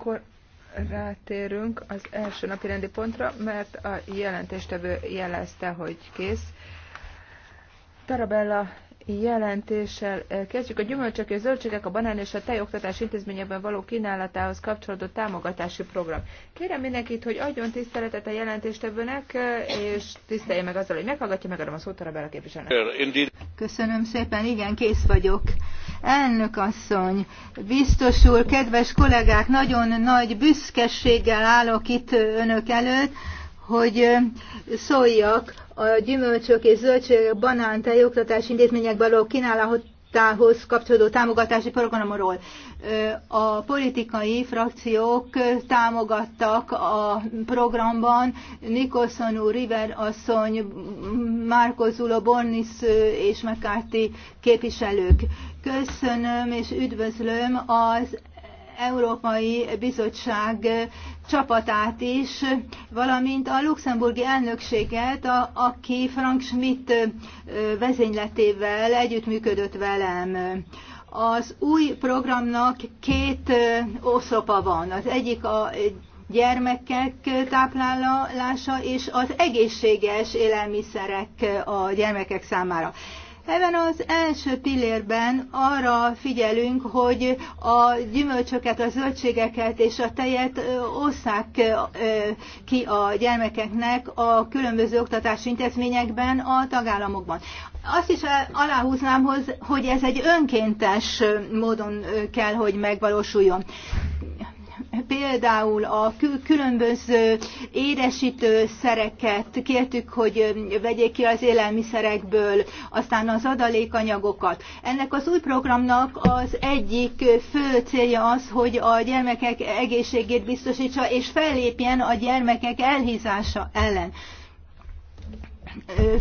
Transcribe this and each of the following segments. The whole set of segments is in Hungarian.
akkor rátérünk az első napi rendi pontra, mert a jelentéstevő jelezte, hogy kész. Tarabella jelentéssel eh, kezdjük. A gyümölcsök és zöldségek, a banán és a tejoktatás intézményekben való kínálatához kapcsolódó támogatási program. Kérem mindenkit, hogy adjon tiszteletet a jelentéstevőnek, eh, és tisztelje meg azzal, hogy meghallgatja, megadom a szót arra beleképviselnek. Köszönöm szépen, igen, kész vagyok. Elnök asszony, biztos úr, kedves kollégák, nagyon nagy büszkeséggel állok itt önök előtt, hogy eh, szóljak a gyümölcsök és zöldségek, banán, tejoktatási intézmények való kínálatához kapcsolódó támogatási programról. A politikai frakciók támogattak a programban Nikolson úr, River asszony, Márko Zulo, Bornis és McCarthy képviselők. Köszönöm és üdvözlöm az Európai Bizottság csapatát is, valamint a luxemburgi elnökséget, a, aki Frank Schmidt vezényletével együttműködött velem. Az új programnak két oszlopa van. Az egyik a gyermekek táplálása és az egészséges élelmiszerek a gyermekek számára. Ebben az első pillérben arra figyelünk, hogy a gyümölcsöket, a zöldségeket és a tejet osszák ki a gyermekeknek a különböző oktatási intézményekben a tagállamokban. Azt is aláhúznám, hogy ez egy önkéntes módon kell, hogy megvalósuljon. Például a különböző édesítőszereket kértük, hogy vegyék ki az élelmiszerekből, aztán az adalékanyagokat. Ennek az új programnak az egyik fő célja az, hogy a gyermekek egészségét biztosítsa, és fellépjen a gyermekek elhízása ellen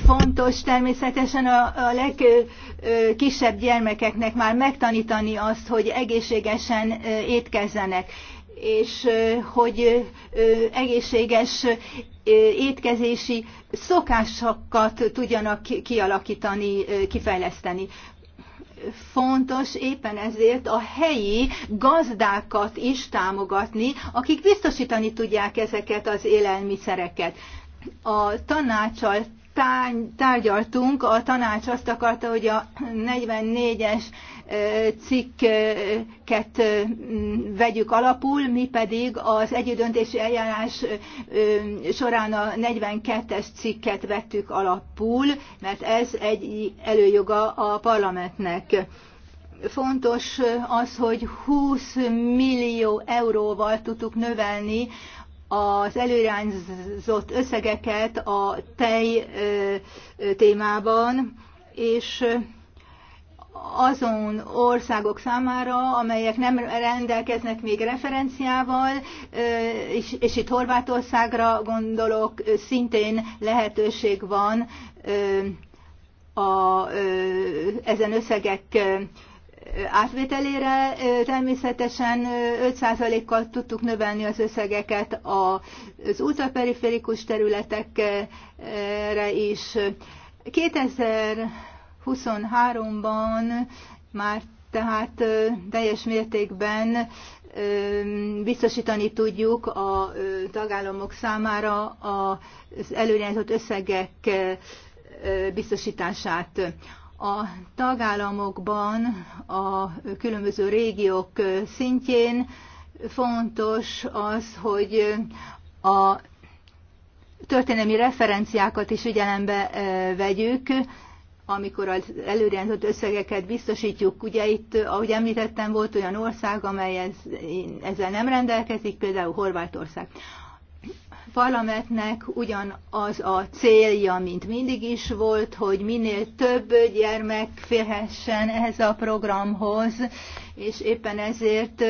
fontos természetesen a, a legkisebb gyermekeknek már megtanítani azt, hogy egészségesen étkezzenek és hogy egészséges étkezési szokásokat tudjanak kialakítani, kifejleszteni. Fontos éppen ezért a helyi gazdákat is támogatni, akik biztosítani tudják ezeket az élelmiszereket. A tanácsal tárgyaltunk, a tanács azt akarta, hogy a 44-es cikket vegyük alapul, mi pedig az együttdöntési eljárás során a 42-es cikket vettük alapul, mert ez egy előjoga a parlamentnek fontos az, hogy 20 millió euróval tudtuk növelni az előirányzott összegeket a tej témában, és azon országok számára, amelyek nem rendelkeznek még referenciával, és, itt Horvátországra gondolok, szintén lehetőség van a, ezen összegek átvételére természetesen 5%-kal tudtuk növelni az összegeket az ultraperiférikus területekre is. 2023-ban már tehát teljes mértékben biztosítani tudjuk a tagállamok számára az előrejelzett összegek biztosítását a tagállamokban, a különböző régiók szintjén fontos az, hogy a történelmi referenciákat is figyelembe vegyük, amikor az előrejelzett összegeket biztosítjuk. Ugye itt, ahogy említettem, volt olyan ország, amely ez, ezzel nem rendelkezik, például Horvátország parlamentnek ugyanaz a célja, mint mindig is volt, hogy minél több gyermek férhessen ehhez a programhoz, és éppen ezért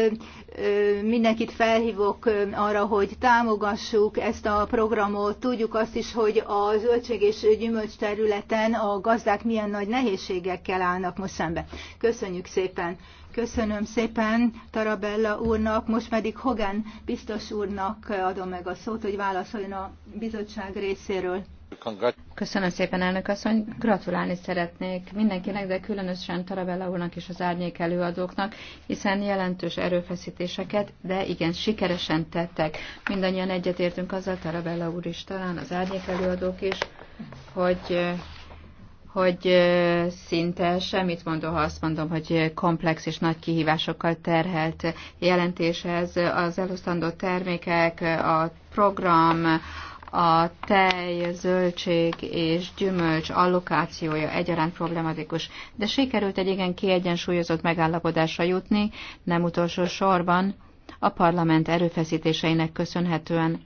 mindenkit felhívok arra, hogy támogassuk ezt a programot. Tudjuk azt is, hogy a zöldség és gyümölcs területen a gazdák milyen nagy nehézségekkel állnak most szembe. Köszönjük szépen! Köszönöm szépen Tarabella úrnak, most pedig Hogan biztos úrnak adom meg a szót, hogy válaszoljon a bizottság részéről. Köszönöm szépen, elnök asszony. Gratulálni szeretnék mindenkinek, de különösen Tarabella úrnak és az árnyék előadóknak, hiszen jelentős erőfeszítéseket, de igen, sikeresen tettek. Mindannyian egyetértünk azzal, Tarabella úr is talán, az árnyék előadók is, hogy hogy szinte semmit mondó, ha azt mondom, hogy komplex és nagy kihívásokkal terhelt jelentéshez az elosztandó termékek, a program, a tej, zöldség és gyümölcs allokációja egyaránt problematikus, de sikerült egy igen kiegyensúlyozott megállapodásra jutni, nem utolsó sorban a parlament erőfeszítéseinek köszönhetően.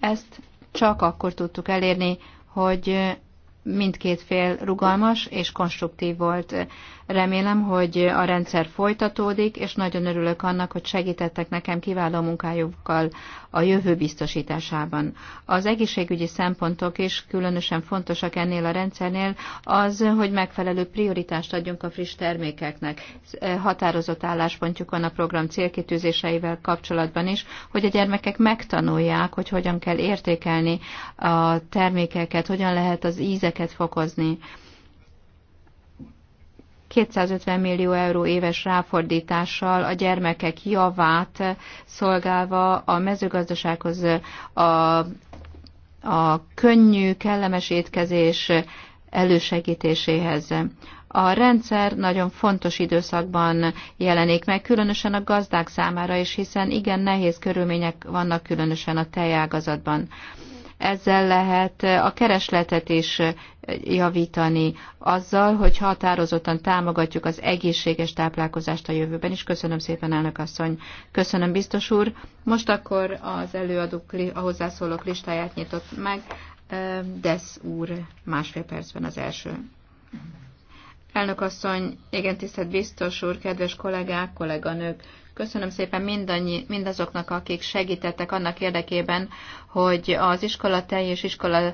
Ezt csak akkor tudtuk elérni, hogy mindkét fél rugalmas és konstruktív volt. Remélem, hogy a rendszer folytatódik, és nagyon örülök annak, hogy segítettek nekem kiváló munkájukkal a jövő biztosításában. Az egészségügyi szempontok is különösen fontosak ennél a rendszernél, az, hogy megfelelő prioritást adjunk a friss termékeknek. Határozott álláspontjuk van a program célkitűzéseivel kapcsolatban is, hogy a gyermekek megtanulják, hogy hogyan kell értékelni a termékeket, hogyan lehet az ízeket fokozni. 250 millió euró éves ráfordítással a gyermekek javát szolgálva a mezőgazdasághoz a, a könnyű, kellemes étkezés elősegítéséhez. A rendszer nagyon fontos időszakban jelenik meg, különösen a gazdák számára is, hiszen igen nehéz körülmények vannak, különösen a tejágazatban ezzel lehet a keresletet is javítani azzal, hogy határozottan támogatjuk az egészséges táplálkozást a jövőben is. Köszönöm szépen, elnök asszony. Köszönöm, biztos úr. Most akkor az előadók, a hozzászólók listáját nyitott meg. Desz úr másfél percben az első. Elnök asszony, igen, tisztelt biztos úr, kedves kollégák, kolléganők, Köszönöm szépen mindannyi, mindazoknak, akik segítettek annak érdekében, hogy az iskola teljes iskola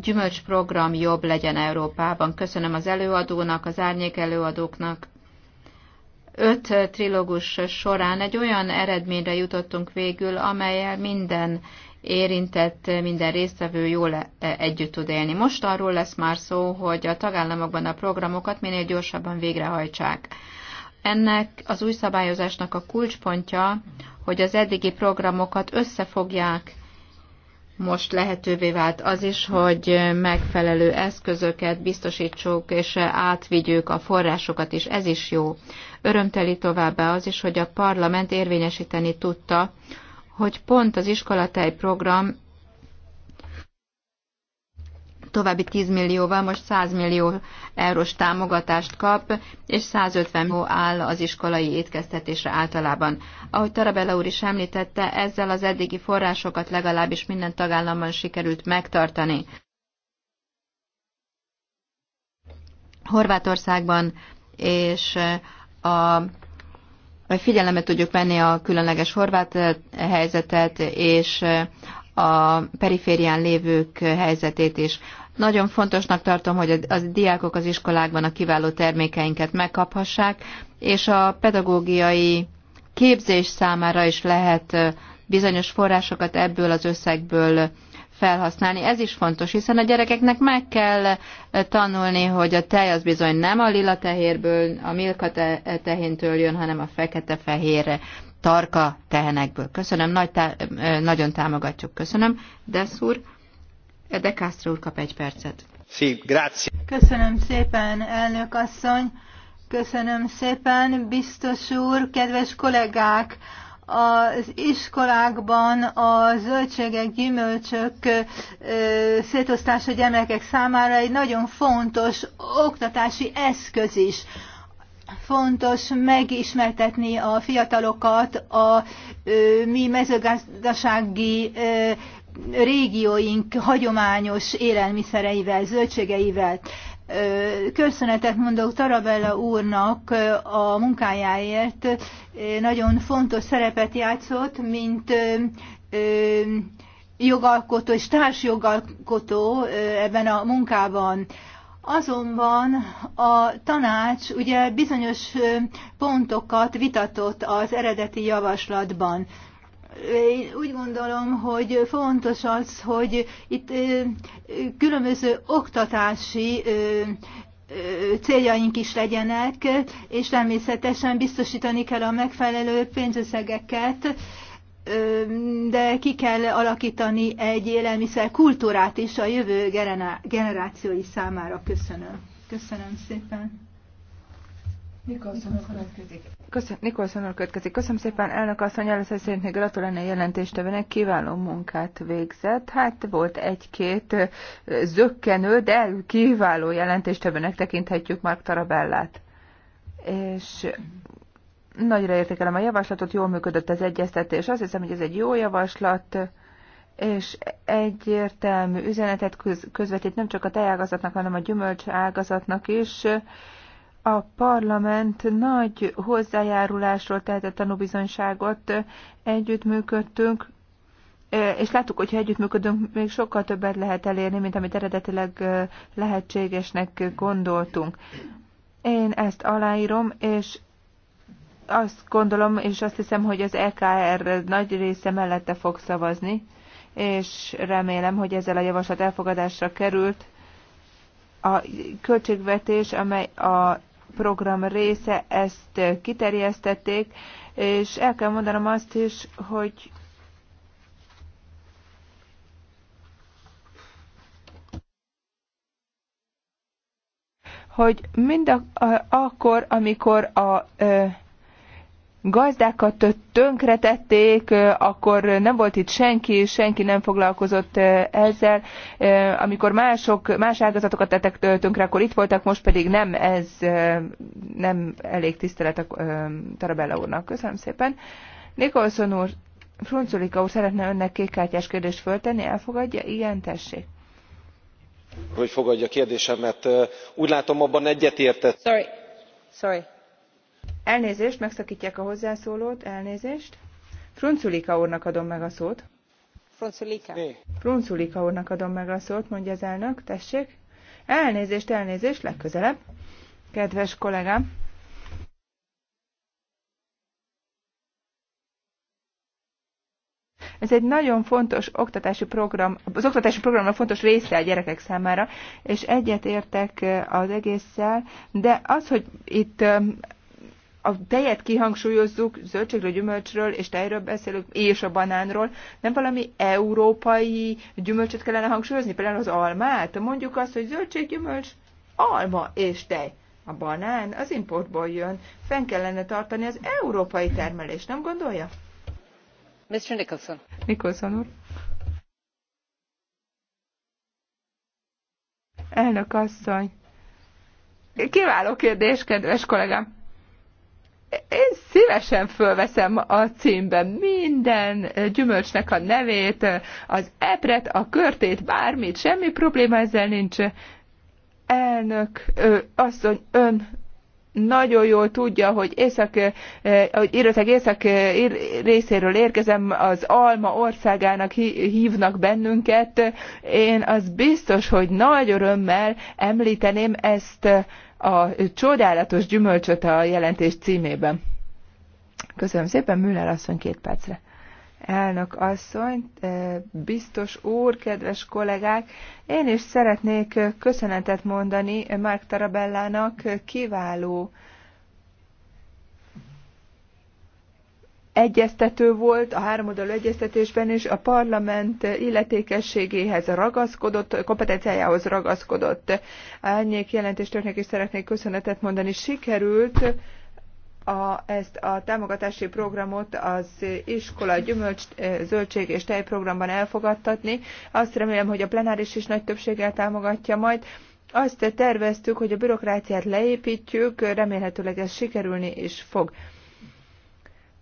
gyümölcsprogram jobb legyen Európában. Köszönöm az előadónak, az árnyék előadóknak. Öt trilógus során egy olyan eredményre jutottunk végül, amelyel minden érintett minden résztvevő jól e, együtt tud élni. Most arról lesz már szó, hogy a tagállamokban a programokat minél gyorsabban végrehajtsák. Ennek az új szabályozásnak a kulcspontja, hogy az eddigi programokat összefogják, most lehetővé vált az is, hogy megfelelő eszközöket biztosítsuk és átvigyük a forrásokat is, ez is jó. Örömteli továbbá az is, hogy a parlament érvényesíteni tudta, hogy pont az iskolatej program további 10 millióval most 100 millió eurós támogatást kap, és 150 millió áll az iskolai étkeztetésre általában. Ahogy Tarabella úr is említette, ezzel az eddigi forrásokat legalábbis minden tagállamban sikerült megtartani. Horvátországban és eh, a vagy figyelembe tudjuk venni a különleges horvát eh, helyzetet és eh, a periférián lévők helyzetét is. Nagyon fontosnak tartom, hogy a, a diákok az iskolákban a kiváló termékeinket megkaphassák, és a pedagógiai képzés számára is lehet bizonyos forrásokat ebből az összegből felhasználni. Ez is fontos, hiszen a gyerekeknek meg kell tanulni, hogy a tej az bizony nem a lila tehérből, a milka tehéntől jön, hanem a fekete-fehérre tarka tehenekből. Köszönöm, nagy tá- nagyon támogatjuk, köszönöm. de úr, de Castro úr kap egy percet. Sí, grazie. Köszönöm szépen, elnök asszony. Köszönöm szépen, biztos úr, kedves kollégák! Az iskolákban a zöldségek, gyümölcsök szétosztása gyermekek számára egy nagyon fontos oktatási eszköz is fontos megismertetni a fiatalokat a ö, mi mezőgazdasági ö, régióink hagyományos élelmiszereivel, zöldségeivel. Köszönetet mondok Tarabella úrnak a munkájáért. Nagyon fontos szerepet játszott, mint jogalkotó és társjogalkotó ebben a munkában. Azonban a tanács ugye bizonyos pontokat vitatott az eredeti javaslatban. Én úgy gondolom, hogy fontos az, hogy itt különböző oktatási céljaink is legyenek, és természetesen biztosítani kell a megfelelő pénzösszegeket, de ki kell alakítani egy élelmiszer kultúrát is a jövő generációi számára. Köszönöm. Köszönöm szépen. Nikolson következik. Köszön, következik. Köszönöm szépen, elnök asszony, először szeretnék gratulálni a jelentéstevőnek, kiváló munkát végzett. Hát volt egy-két zökkenő, de kiváló jelentéstevőnek tekinthetjük Mark Tarabellát. És Nagyra értékelem a javaslatot, jól működött az egyeztetés. Azt hiszem, hogy ez egy jó javaslat, és egyértelmű üzenetet közvetít nem csak a tejágazatnak, hanem a gyümölcs ágazatnak is. A parlament nagy hozzájárulásról tehetett tanúbizonyságot, együttműködtünk, és láttuk, hogy ha együttműködünk, még sokkal többet lehet elérni, mint amit eredetileg lehetségesnek gondoltunk. Én ezt aláírom, és azt gondolom, és azt hiszem, hogy az EKR nagy része mellette fog szavazni, és remélem, hogy ezzel a javaslat elfogadásra került. A költségvetés, amely a program része, ezt kiterjesztették, és el kell mondanom azt is, hogy hogy mind a, a, akkor, amikor a, a gazdákat tönkretették, akkor nem volt itt senki, senki nem foglalkozott ezzel. Amikor mások, más ágazatokat tettek tönkre, akkor itt voltak, most pedig nem ez, nem elég tisztelet a Tarabella úrnak. Köszönöm szépen. Nikolson úr, Frunculika úr szeretne önnek kékkártyás kérdést föltenni, elfogadja? Igen, tessék. Hogy fogadja a kérdésemet? Úgy látom, abban egyetértett. Sorry. Sorry Elnézést, megszakítják a hozzászólót, elnézést. Frunculika úrnak adom meg a szót. Frunculika. Frunculika úrnak adom meg a szót, mondja az elnök, tessék. Elnézést, elnézést, legközelebb. Kedves kollégám. Ez egy nagyon fontos oktatási program, az oktatási programnak fontos része a gyerekek számára, és egyet értek eh, az egésszel, de az, hogy itt eh, a tejet kihangsúlyozzuk, zöldségről, gyümölcsről és tejről beszélünk, és a banánról, nem valami európai gyümölcsöt kellene hangsúlyozni, például az almát. Mondjuk azt, hogy zöldség, gyümölcs, alma és tej. A banán az importból jön, fenn kellene tartani az európai termelést, nem gondolja? Mr. Nicholson. Nicholson úr. Elnök asszony. Kiváló kérdés, kedves kollégám én szívesen fölveszem a címben minden gyümölcsnek a nevét, az epret, a körtét, bármit, semmi probléma ezzel nincs. Elnök, asszony, ön nagyon jól tudja, hogy észak, hogy Írország észak részéről érkezem, az Alma országának hívnak bennünket. Én az biztos, hogy nagy örömmel említeném ezt a csodálatos gyümölcsöt a jelentés címében. Köszönöm szépen, Müller asszony két percre. Elnök asszony, eh, biztos úr, kedves kollégák, én is szeretnék eh, köszönetet mondani Mark Tarabellának eh, kiváló egyeztető volt a háromoldalú egyeztetésben is, a parlament illetékességéhez ragaszkodott, kompetenciájához ragaszkodott. Árnyék jelentéstörnek is szeretnék köszönetet mondani. Sikerült a, ezt a támogatási programot az iskola gyümölcs, eh, zöldség és tejprogramban elfogadtatni. Azt remélem, hogy a plenáris is nagy többséggel támogatja majd. Azt terveztük, hogy a bürokráciát leépítjük, remélhetőleg ez sikerülni is fog.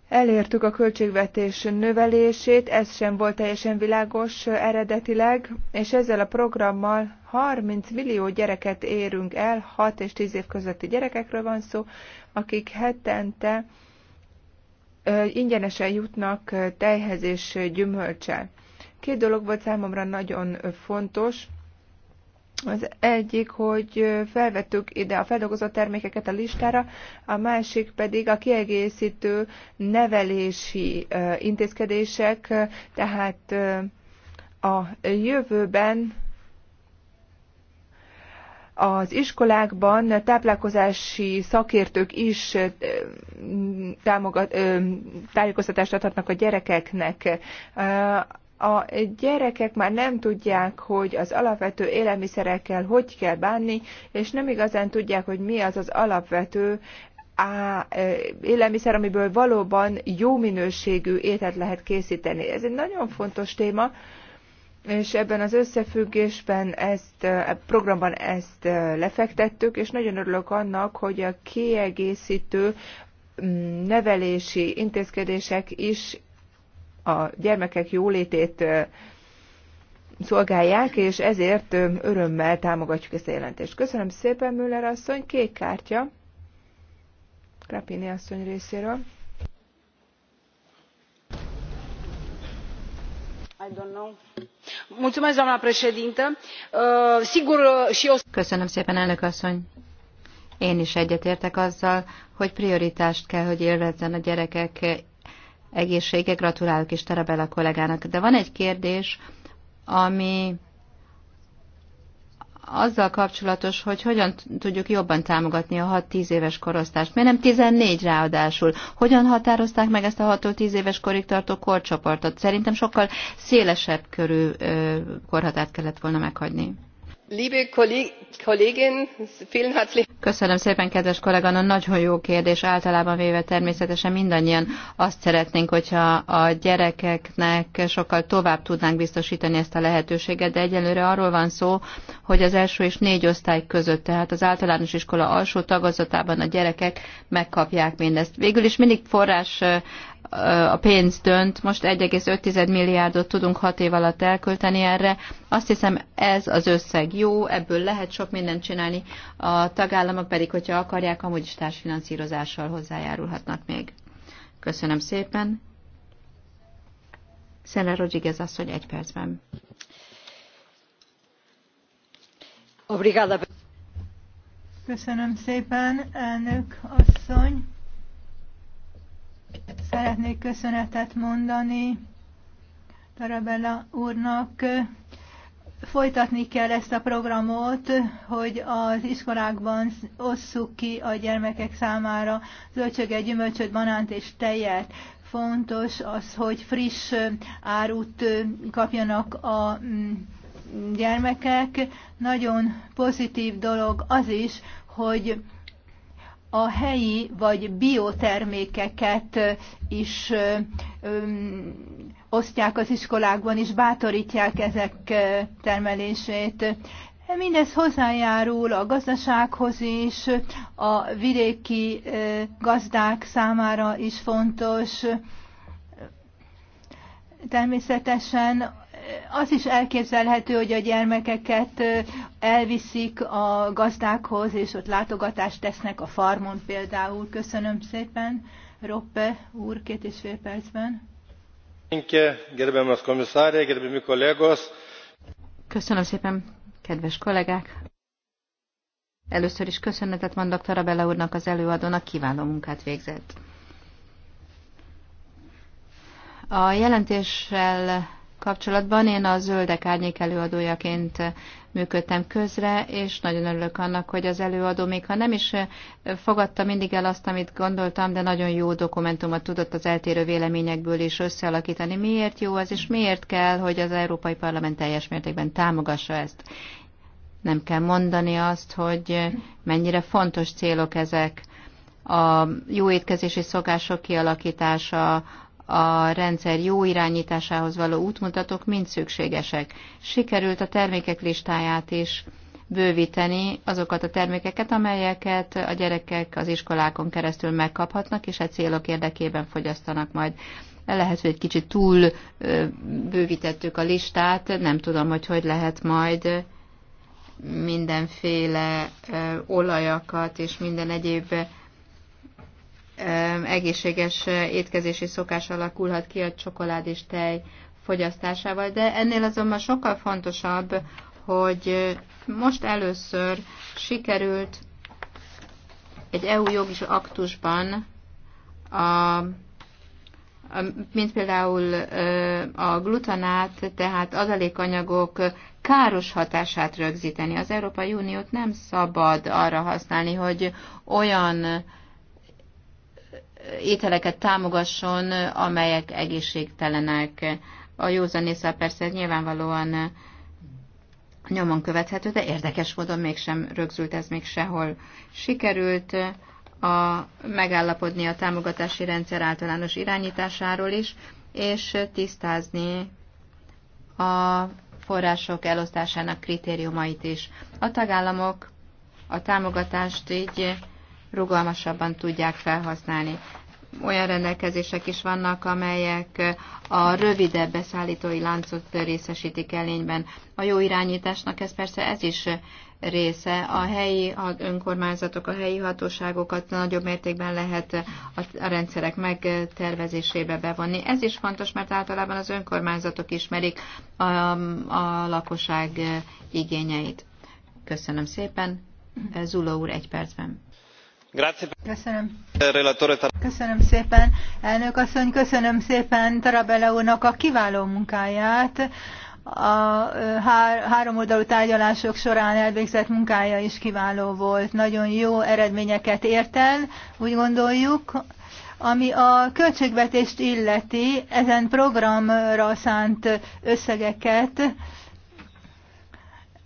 Elértük a költségvetés növelését, ez sem volt teljesen világos eredetileg, és ezzel a programmal 30 millió gyereket érünk el, 6 és 10 év közötti gyerekekről van szó, akik hetente ingyenesen jutnak tejhez és gyümölcsel. Két dolog volt számomra nagyon fontos, az egyik, hogy felvettük ide a feldolgozott termékeket a listára, a másik pedig a kiegészítő nevelési intézkedések, tehát a jövőben az iskolákban táplálkozási szakértők is támogat, tájékoztatást adhatnak a gyerekeknek a gyerekek már nem tudják, hogy az alapvető élelmiszerekkel hogy kell bánni, és nem igazán tudják, hogy mi az az alapvető á, élelmiszer, amiből valóban jó minőségű ételt lehet készíteni. Ez egy nagyon fontos téma, és ebben az összefüggésben ezt a e programban ezt lefektettük, és nagyon örülök annak, hogy a kiegészítő mm, nevelési intézkedések is a gyermekek jólétét szolgálják, és ezért örömmel támogatjuk ezt a jelentést. Köszönöm szépen, Müller asszony. Kék kártya. Krapini asszony részéről. doamnă președintă sigur și eu. köszönöm szépen elnök asszony én is egyetértek azzal hogy prioritást kell hogy élvezzen a gyerekek egészsége. Gratulálok is Tarabella kollégának. De van egy kérdés, ami azzal kapcsolatos, hogy hogyan tudjuk jobban támogatni a 6-10 éves korosztást. Miért nem 14 ráadásul? Hogyan határozták meg ezt a 6-10 éves korig tartó korcsoportot? Szerintem sokkal szélesebb körű korhatárt kellett volna meghagyni. Köszönöm szépen, kedves kolléganon, nagyon jó kérdés. Általában véve természetesen mindannyian azt szeretnénk, hogyha a gyerekeknek sokkal tovább tudnánk biztosítani ezt a lehetőséget, de egyelőre arról van szó, hogy az első és négy osztály között, tehát az általános iskola alsó tagozatában a gyerekek megkapják mindezt. Végül is mindig forrás a pénz dönt, most 1,5 milliárdot tudunk hat év alatt elkölteni erre. Azt hiszem ez az összeg jó, ebből lehet sok mindent csinálni, a tagállamok pedig, hogyha akarják, amúgy is társfinanszírozással hozzájárulhatnak még. Köszönöm szépen. Szene Rodriguez asszony egy percben. Obrigada. Köszönöm szépen, elnök asszony. Szeretnék köszönetet mondani Tarabella úrnak. Folytatni kell ezt a programot, hogy az iskolákban osszuk ki a gyermekek számára zöldséget, gyümölcsöt, banánt és tejet. Fontos az, hogy friss árut kapjanak a mm, gyermekek. Nagyon pozitív dolog az is, hogy a helyi vagy biotermékeket is osztják az iskolákban, és bátorítják ezek termelését. Mindez hozzájárul a gazdasághoz is, a vidéki gazdák számára is fontos. Természetesen az is elképzelhető, hogy a gyermekeket elviszik a gazdákhoz, és ott látogatást tesznek a farmon például. Köszönöm szépen, Roppe úr, két és fél percben. Köszönöm szépen, kedves kollégák! Először is köszönetet mondok Tarabella úrnak az előadónak, kiváló munkát végzett. A jelentéssel kapcsolatban. Én a Zöldek Árnyék előadójaként működtem közre, és nagyon örülök annak, hogy az előadó még ha nem is fogadta mindig el azt, amit gondoltam, de nagyon jó dokumentumot tudott az eltérő véleményekből is összealakítani. Miért jó az, és miért kell, hogy az Európai Parlament teljes mértékben támogassa ezt? Nem kell mondani azt, hogy mennyire fontos célok ezek. A jó étkezési szokások kialakítása, a rendszer jó irányításához való útmutatók mind szükségesek. Sikerült a termékek listáját is bővíteni azokat a termékeket, amelyeket a gyerekek az iskolákon keresztül megkaphatnak, és egy célok érdekében fogyasztanak majd. Lehet, hogy egy kicsit túl bővítettük a listát, nem tudom, hogy hogy lehet majd mindenféle olajakat és minden egyéb egészséges eh, étkezési szokás alakulhat ki a csokolád és tej fogyasztásával, de ennél azonban sokkal fontosabb, hogy eh, most először sikerült egy EU jogi aktusban, a, a, mint például eh, a glutanát, tehát adalékanyagok káros hatását rögzíteni. Az Európai Uniót nem szabad arra használni, hogy olyan ételeket támogasson, amelyek egészségtelenek. A józanésszel persze nyilvánvalóan nyomon követhető, de érdekes módon mégsem rögzült ez még sehol. Sikerült a, megállapodni a támogatási rendszer általános irányításáról is, és tisztázni a források elosztásának kritériumait is. A tagállamok a támogatást így rugalmasabban tudják felhasználni. Olyan rendelkezések is vannak, amelyek a rövidebb beszállítói láncot részesítik elényben. A jó irányításnak ez persze ez is része. A helyi önkormányzatok, a helyi hatóságokat nagyobb mértékben lehet a rendszerek megtervezésébe bevonni. Ez is fontos, mert általában az önkormányzatok ismerik a, a lakosság igényeit. Köszönöm szépen. Zula úr egy percben. Köszönöm. köszönöm szépen, elnök asszony, köszönöm szépen Tarabella úrnak a kiváló munkáját. A háromoldalú tárgyalások során elvégzett munkája is kiváló volt. Nagyon jó eredményeket ért el, úgy gondoljuk. Ami a költségvetést illeti, ezen programra szánt összegeket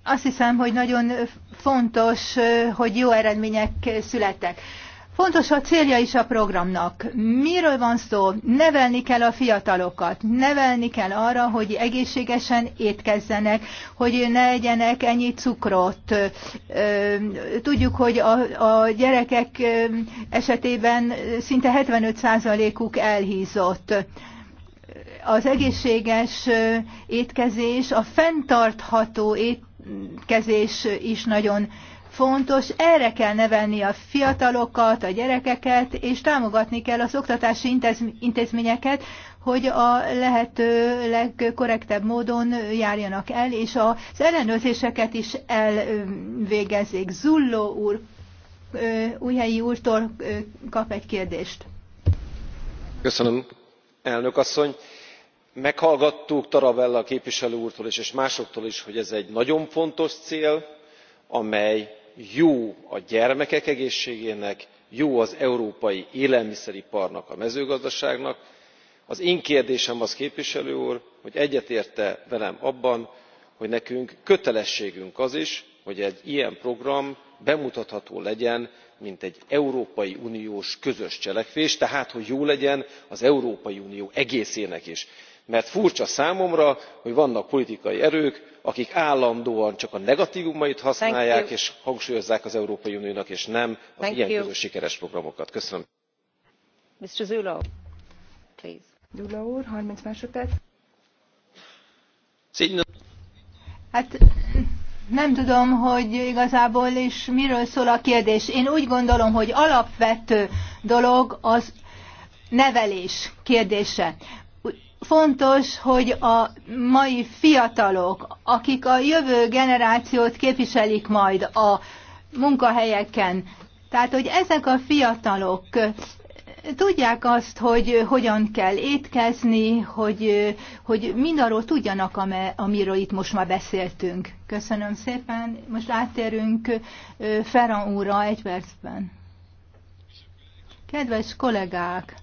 azt hiszem, hogy nagyon fontos, hogy jó eredmények születtek. Fontos a célja is a programnak. Miről van szó? Nevelni kell a fiatalokat, nevelni kell arra, hogy egészségesen étkezzenek, hogy ne egyenek ennyi cukrot. Tudjuk, hogy a, a gyerekek esetében szinte 75%-uk elhízott. Az egészséges étkezés, a fenntartható étkezés, kezés is nagyon fontos. Erre kell nevelni a fiatalokat, a gyerekeket, és támogatni kell az oktatási intézményeket, hogy a lehető legkorrektebb módon járjanak el, és az ellenőrzéseket is elvégezzék. Zulló úr, Újhelyi úrtól kap egy kérdést. Köszönöm, elnök asszony meghallgattuk tarabella képviselő úrtól is és másoktól is hogy ez egy nagyon fontos cél amely jó a gyermekek egészségének jó az európai élelmiszeriparnak a mezőgazdaságnak. az én kérdésem az képviselő úr hogy egyetért e velem abban hogy nekünk kötelességünk az is hogy egy ilyen program bemutatható legyen mint egy európai uniós közös cselekvés tehát hogy jó legyen az európai unió egészének is mert furcsa számomra hogy vannak politikai erők akik állandóan csak a negatvumait használják és hangsúlyozzák az európai uniónak és nem az ilyen közös sikeres programokat. köszönöm. Hát nem tudom, hogy igazából is miről szól a kérdés. Én úgy gondolom, hogy alapvető dolog az nevelés kérdése fontos, hogy a mai fiatalok, akik a jövő generációt képviselik majd a munkahelyeken, tehát hogy ezek a fiatalok tudják azt, hogy hogyan kell étkezni, hogy, hogy mindarról tudjanak, amiről itt most már beszéltünk. Köszönöm szépen. Most áttérünk Ferran úrra egy percben. Kedves kollégák!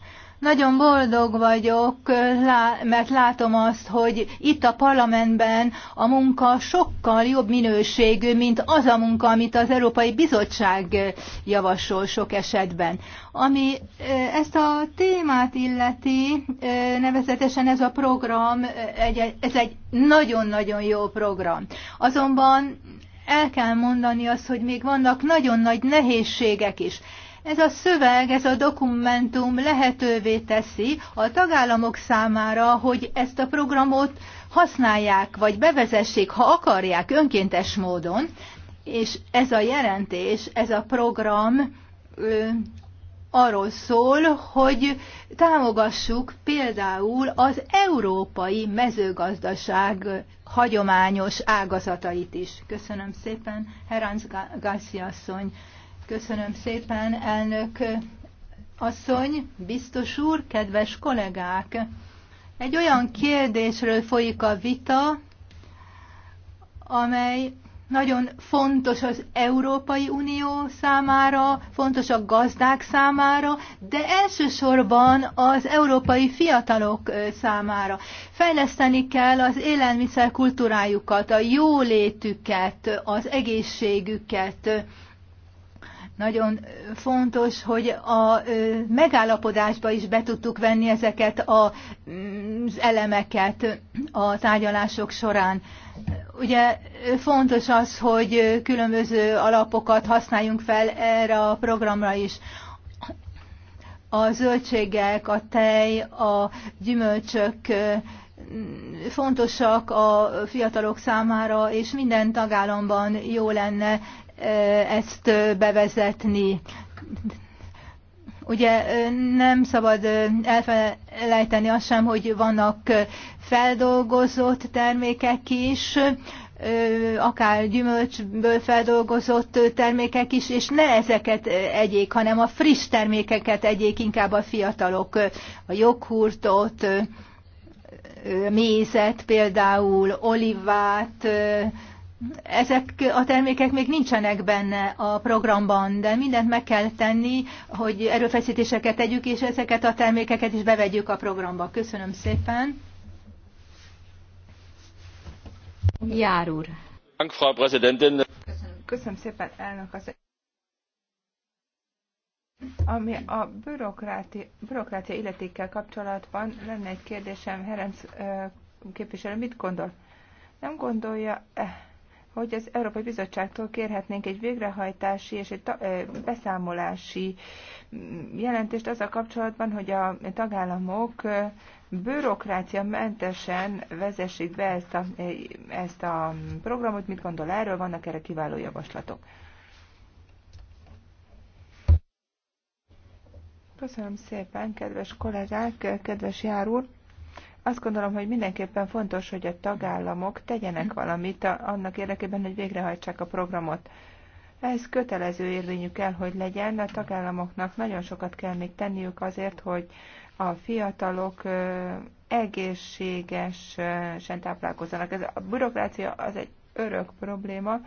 Nagyon boldog vagyok, mert látom azt, hogy itt a parlamentben a munka sokkal jobb minőségű, mint az a munka, amit az Európai Bizottság javasol sok esetben. Ami ezt a témát illeti, nevezetesen ez a program, ez egy nagyon-nagyon jó program. Azonban el kell mondani azt, hogy még vannak nagyon nagy nehézségek is. Ez a szöveg, ez a dokumentum lehetővé teszi a tagállamok számára, hogy ezt a programot használják, vagy bevezessék, ha akarják, önkéntes módon, és ez a jelentés, ez a program ö, arról szól, hogy támogassuk például az európai mezőgazdaság hagyományos ágazatait is. Köszönöm szépen, Heranz Garcia asszony. Köszönöm szépen, elnök asszony, biztos úr, kedves kollégák! Egy olyan kérdésről folyik a vita, amely nagyon fontos az Európai Unió számára, fontos a gazdák számára, de elsősorban az európai fiatalok számára. Fejleszteni kell az élelmiszer kultúrájukat, a jólétüket, az egészségüket, nagyon fontos, hogy a megállapodásba is be tudtuk venni ezeket mm, az elemeket a tárgyalások során. Ugye fontos az, hogy különböző alapokat használjunk fel erre a programra is a zöldségek, a tej, a gyümölcsök fontosak a fiatalok számára, és minden tagállamban jó lenne ezt bevezetni. Ugye nem szabad elfelejteni azt sem, hogy vannak feldolgozott termékek is, akár gyümölcsből feldolgozott termékek is, és ne ezeket egyék, hanem a friss termékeket egyék inkább a fiatalok, a joghurtot, mézet például, olivát, ezek a termékek még nincsenek benne a programban, de mindent meg kell tenni, hogy erőfeszítéseket tegyük, és ezeket a termékeket is bevegyük a programba. Köszönöm szépen. Jár úr. Köszönöm, szépen, elnök az ami a bürokráti, bürokrácia illetékkel kapcsolatban lenne egy kérdésem, Herenc képviselő, mit gondol? Nem gondolja Eh hogy az Európai Bizottságtól kérhetnénk egy végrehajtási és egy beszámolási mm, jelentést az a kapcsolatban, hogy a tagállamok bürokrácia mentesen vezessék be ezt a, ezt a programot. Mit gondol erről? Vannak erre kiváló javaslatok. Köszönöm szépen, kedves kollégák, kedves jár azt gondolom, hogy mindenképpen fontos, hogy a tagállamok tegyenek valamit annak érdekében, hogy végrehajtsák a programot. Ez kötelező érvényük kell, hogy legyen. A tagállamoknak nagyon sokat kell még tenniük azért, hogy a fiatalok egészségesen táplálkozzanak. Ez a bürokrácia az egy örök probléma.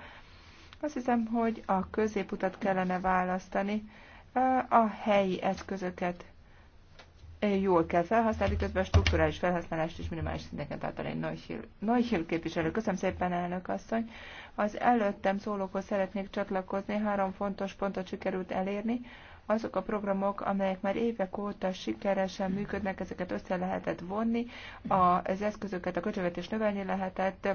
Azt hiszem, hogy a középutat kellene választani, a helyi eszközöket jól kell felhasználni, közben a strukturális felhasználást is minimális szinteken tartani. nagy hír képviselő, köszönöm szépen, elnök asszony. Az előttem szólókhoz szeretnék csatlakozni, három fontos pontot sikerült elérni. Azok a programok, amelyek már évek óta sikeresen működnek, ezeket össze lehetett vonni, az eszközöket, a költségvetést növelni lehetett,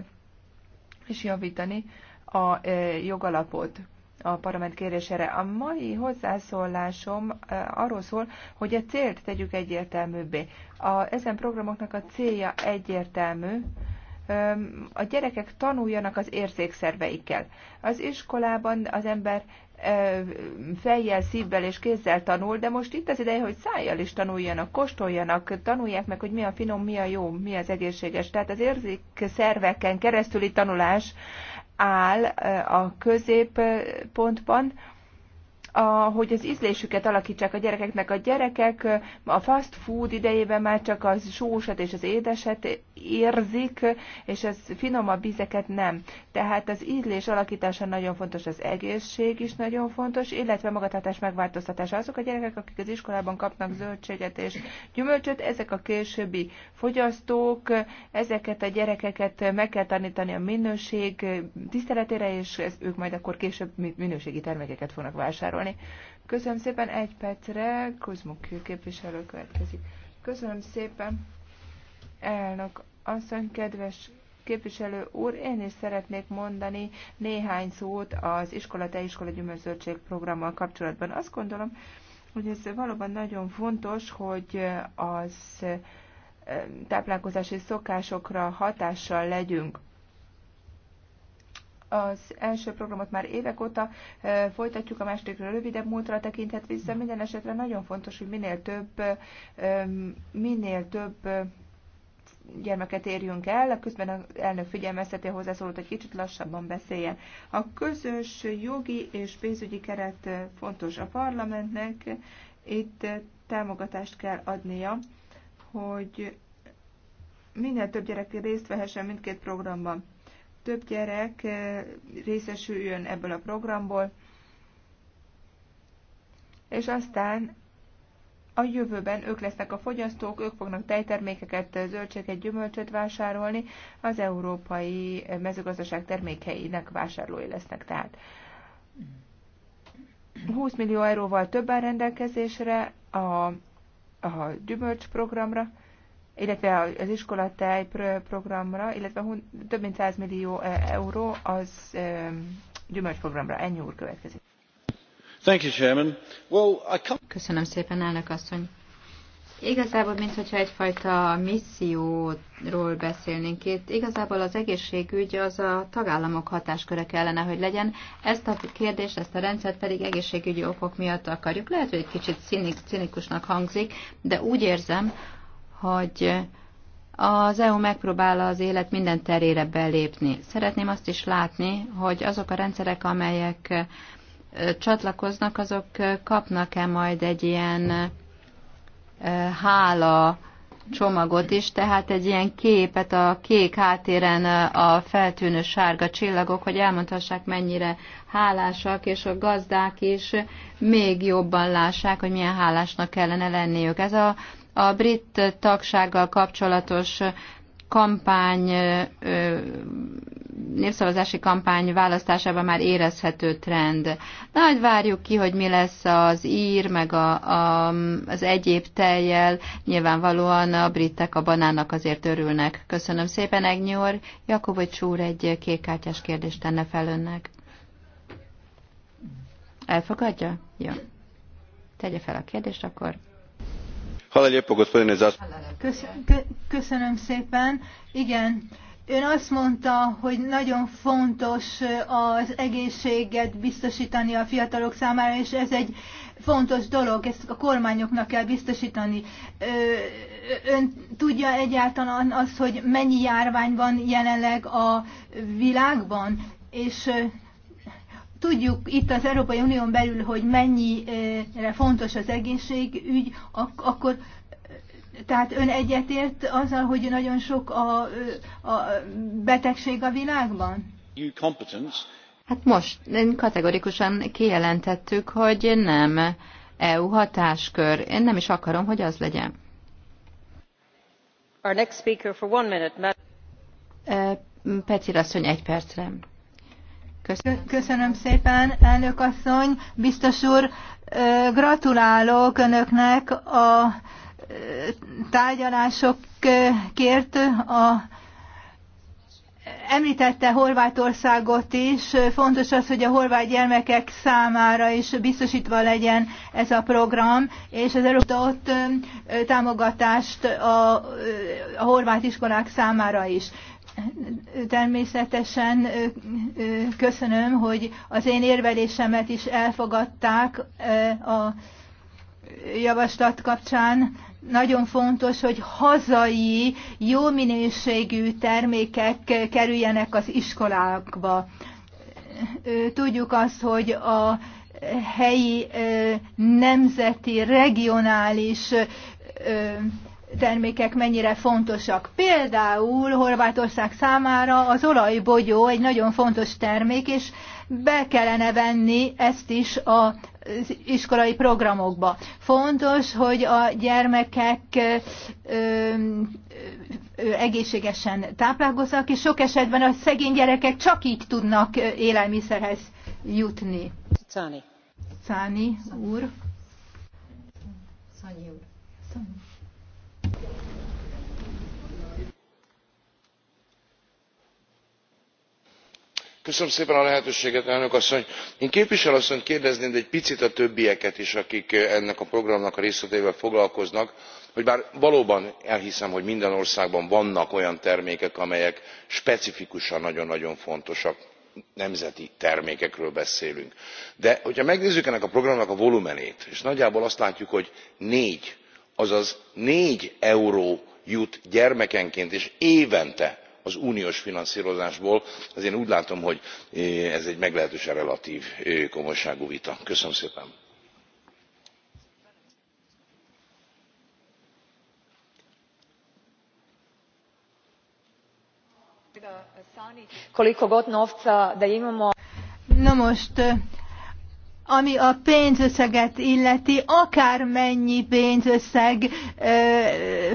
és javítani a e, jogalapot a parlament kérésére. A mai hozzászólásom arról szól, hogy a célt tegyük egyértelműbbé. A, ezen programoknak a célja egyértelmű, a gyerekek tanuljanak az érzékszerveikkel. Az iskolában az ember fejjel, szívvel és kézzel tanul, de most itt az ideje, hogy szájjal is tanuljanak, kóstoljanak, tanulják meg, hogy mi a finom, mi a jó, mi az egészséges. Tehát az érzékszerveken keresztüli tanulás áll a középpontban, a, hogy az ízlésüket alakítsák a gyerekeknek. A gyerekek a fast food idejében már csak az sósat és az édeset érzik, és az finomabb ízeket nem. Tehát az ízlés alakítása nagyon fontos, az egészség is nagyon fontos, illetve magatartás megváltoztatása. Azok a gyerekek, akik az iskolában kapnak zöldséget és gyümölcsöt, ezek a későbbi fogyasztók, ezeket a gyerekeket meg kell tanítani a minőség tiszteletére, és ők majd akkor később minőségi termékeket fognak vásárolni gyakorolni. Köszönöm szépen, egy percre Kuzmuk képviselő következik. Köszönöm szépen, elnök asszony, kedves képviselő úr, én is szeretnék mondani néhány szót az iskola te iskola gyümölcsöltség programmal kapcsolatban. Azt gondolom, hogy ez valóban nagyon fontos, hogy az eh, táplálkozási szokásokra hatással legyünk. Az első programot már évek óta folytatjuk, a másodikra rövidebb múltra tekinthet vissza. Minden esetre nagyon fontos, hogy minél több, minél több gyermeket érjünk el, közben az elnök figyelmezteti a hozzászólót, hogy kicsit lassabban beszéljen. A közös jogi és pénzügyi keret fontos a parlamentnek, itt támogatást kell adnia, hogy minél több gyerek részt vehessen mindkét programban több gyerek eh, részesüljön ebből a programból, és aztán a jövőben ők lesznek a fogyasztók, ők fognak tejtermékeket, zöldséget, gyümölcsöt vásárolni, az európai mezőgazdaság termékeinek vásárlói lesznek tehát. 20 millió euróval többen rendelkezésre a, a gyümölcsprogramra, programra, illetve az iskolatáj programra, illetve több mint 100 millió e, euró az e, gyümölcsprogramra. Ennyi úr következik. Thank you, Chairman. Well, I come... Köszönöm szépen, elnök asszony. Igazából, mintha egyfajta misszióról beszélnénk itt, igazából az egészségügy az a tagállamok hatásköre kellene, hogy legyen. Ezt a kérdést, ezt a rendszert pedig egészségügyi okok miatt akarjuk. Lehet, hogy egy kicsit cinikusnak hangzik, de úgy érzem, hogy az EU megpróbál az élet minden terére belépni. Szeretném azt is látni, hogy azok a rendszerek, amelyek csatlakoznak, azok kapnak-e majd egy ilyen hála csomagot is, tehát egy ilyen képet a kék háttéren a feltűnő sárga csillagok, hogy elmondhassák mennyire hálásak, és a gazdák is még jobban lássák, hogy milyen hálásnak kellene lenniük. Ez a a brit tagsággal kapcsolatos kampány, népszavazási kampány választásában már érezhető trend. Nagy várjuk ki, hogy mi lesz az ír, meg a, a, az egyéb teljel. Nyilvánvalóan a britek a banánnak azért örülnek. Köszönöm szépen, Egnyor. hogy Csúr egy kékkártyás kérdést tenne fel önnek. Elfogadja? Jó. Tegye fel a kérdést, akkor Köszönöm szépen. Igen, ön azt mondta, hogy nagyon fontos az egészséget biztosítani a fiatalok számára, és ez egy fontos dolog, ezt a kormányoknak kell biztosítani. Ön tudja egyáltalán azt, hogy mennyi járvány van jelenleg a világban, és tudjuk itt az Európai Unión belül, hogy mennyire fontos az egészségügy, akkor tehát ön egyetért azzal, hogy nagyon sok a, a betegség a világban? Hát most kategorikusan kijelentettük, hogy nem EU hatáskör. Én nem is akarom, hogy az legyen. Our next speaker for one minute, e, asszony egy percre. Köszönöm. szépen, elnök asszony. Biztos úr, gratulálok önöknek a tárgyalásokért. A, említette Horvátországot is. Fontos az, hogy a horvát gyermekek számára is biztosítva legyen ez a program, és az ott támogatást a, a horvát iskolák számára is természetesen köszönöm, hogy az én érvelésemet is elfogadták a javaslat kapcsán. Nagyon fontos, hogy hazai, jó minőségű termékek kerüljenek az iskolákba. Tudjuk azt, hogy a helyi, nemzeti, regionális termékek mennyire fontosak. Például Horvátország számára az olajbogyó egy nagyon fontos termék, és be kellene venni ezt is a iskolai programokba. Fontos, hogy a gyermekek ö, ö, egészségesen táplálkoznak, és sok esetben a szegény gyerekek csak így tudnak élelmiszerhez jutni. Száni. Száni úr. Szanyi úr. Szanyi. én képviselő asszonyt kérdezném de egy picit a többieket is akik ennek a programnak a részleteivel foglalkoznak hogy bár valóban elhiszem hogy minden országban vannak olyan termékek amelyek specifikusan nagyon nagyon fontosak nemzeti termékekről beszélünk de hogyha megnézzük ennek a programnak a volumenét és nagyjából azt látjuk hogy négy azaz négy euró jut gyermekenként és évente az uniós finanszrozásból ezért én úgy látom hogy ez egy meglehetősen relatv komolyságú vita. köszönöm szépen! na most ami a pénzösszeget illeti, akármennyi pénzösszeg ö,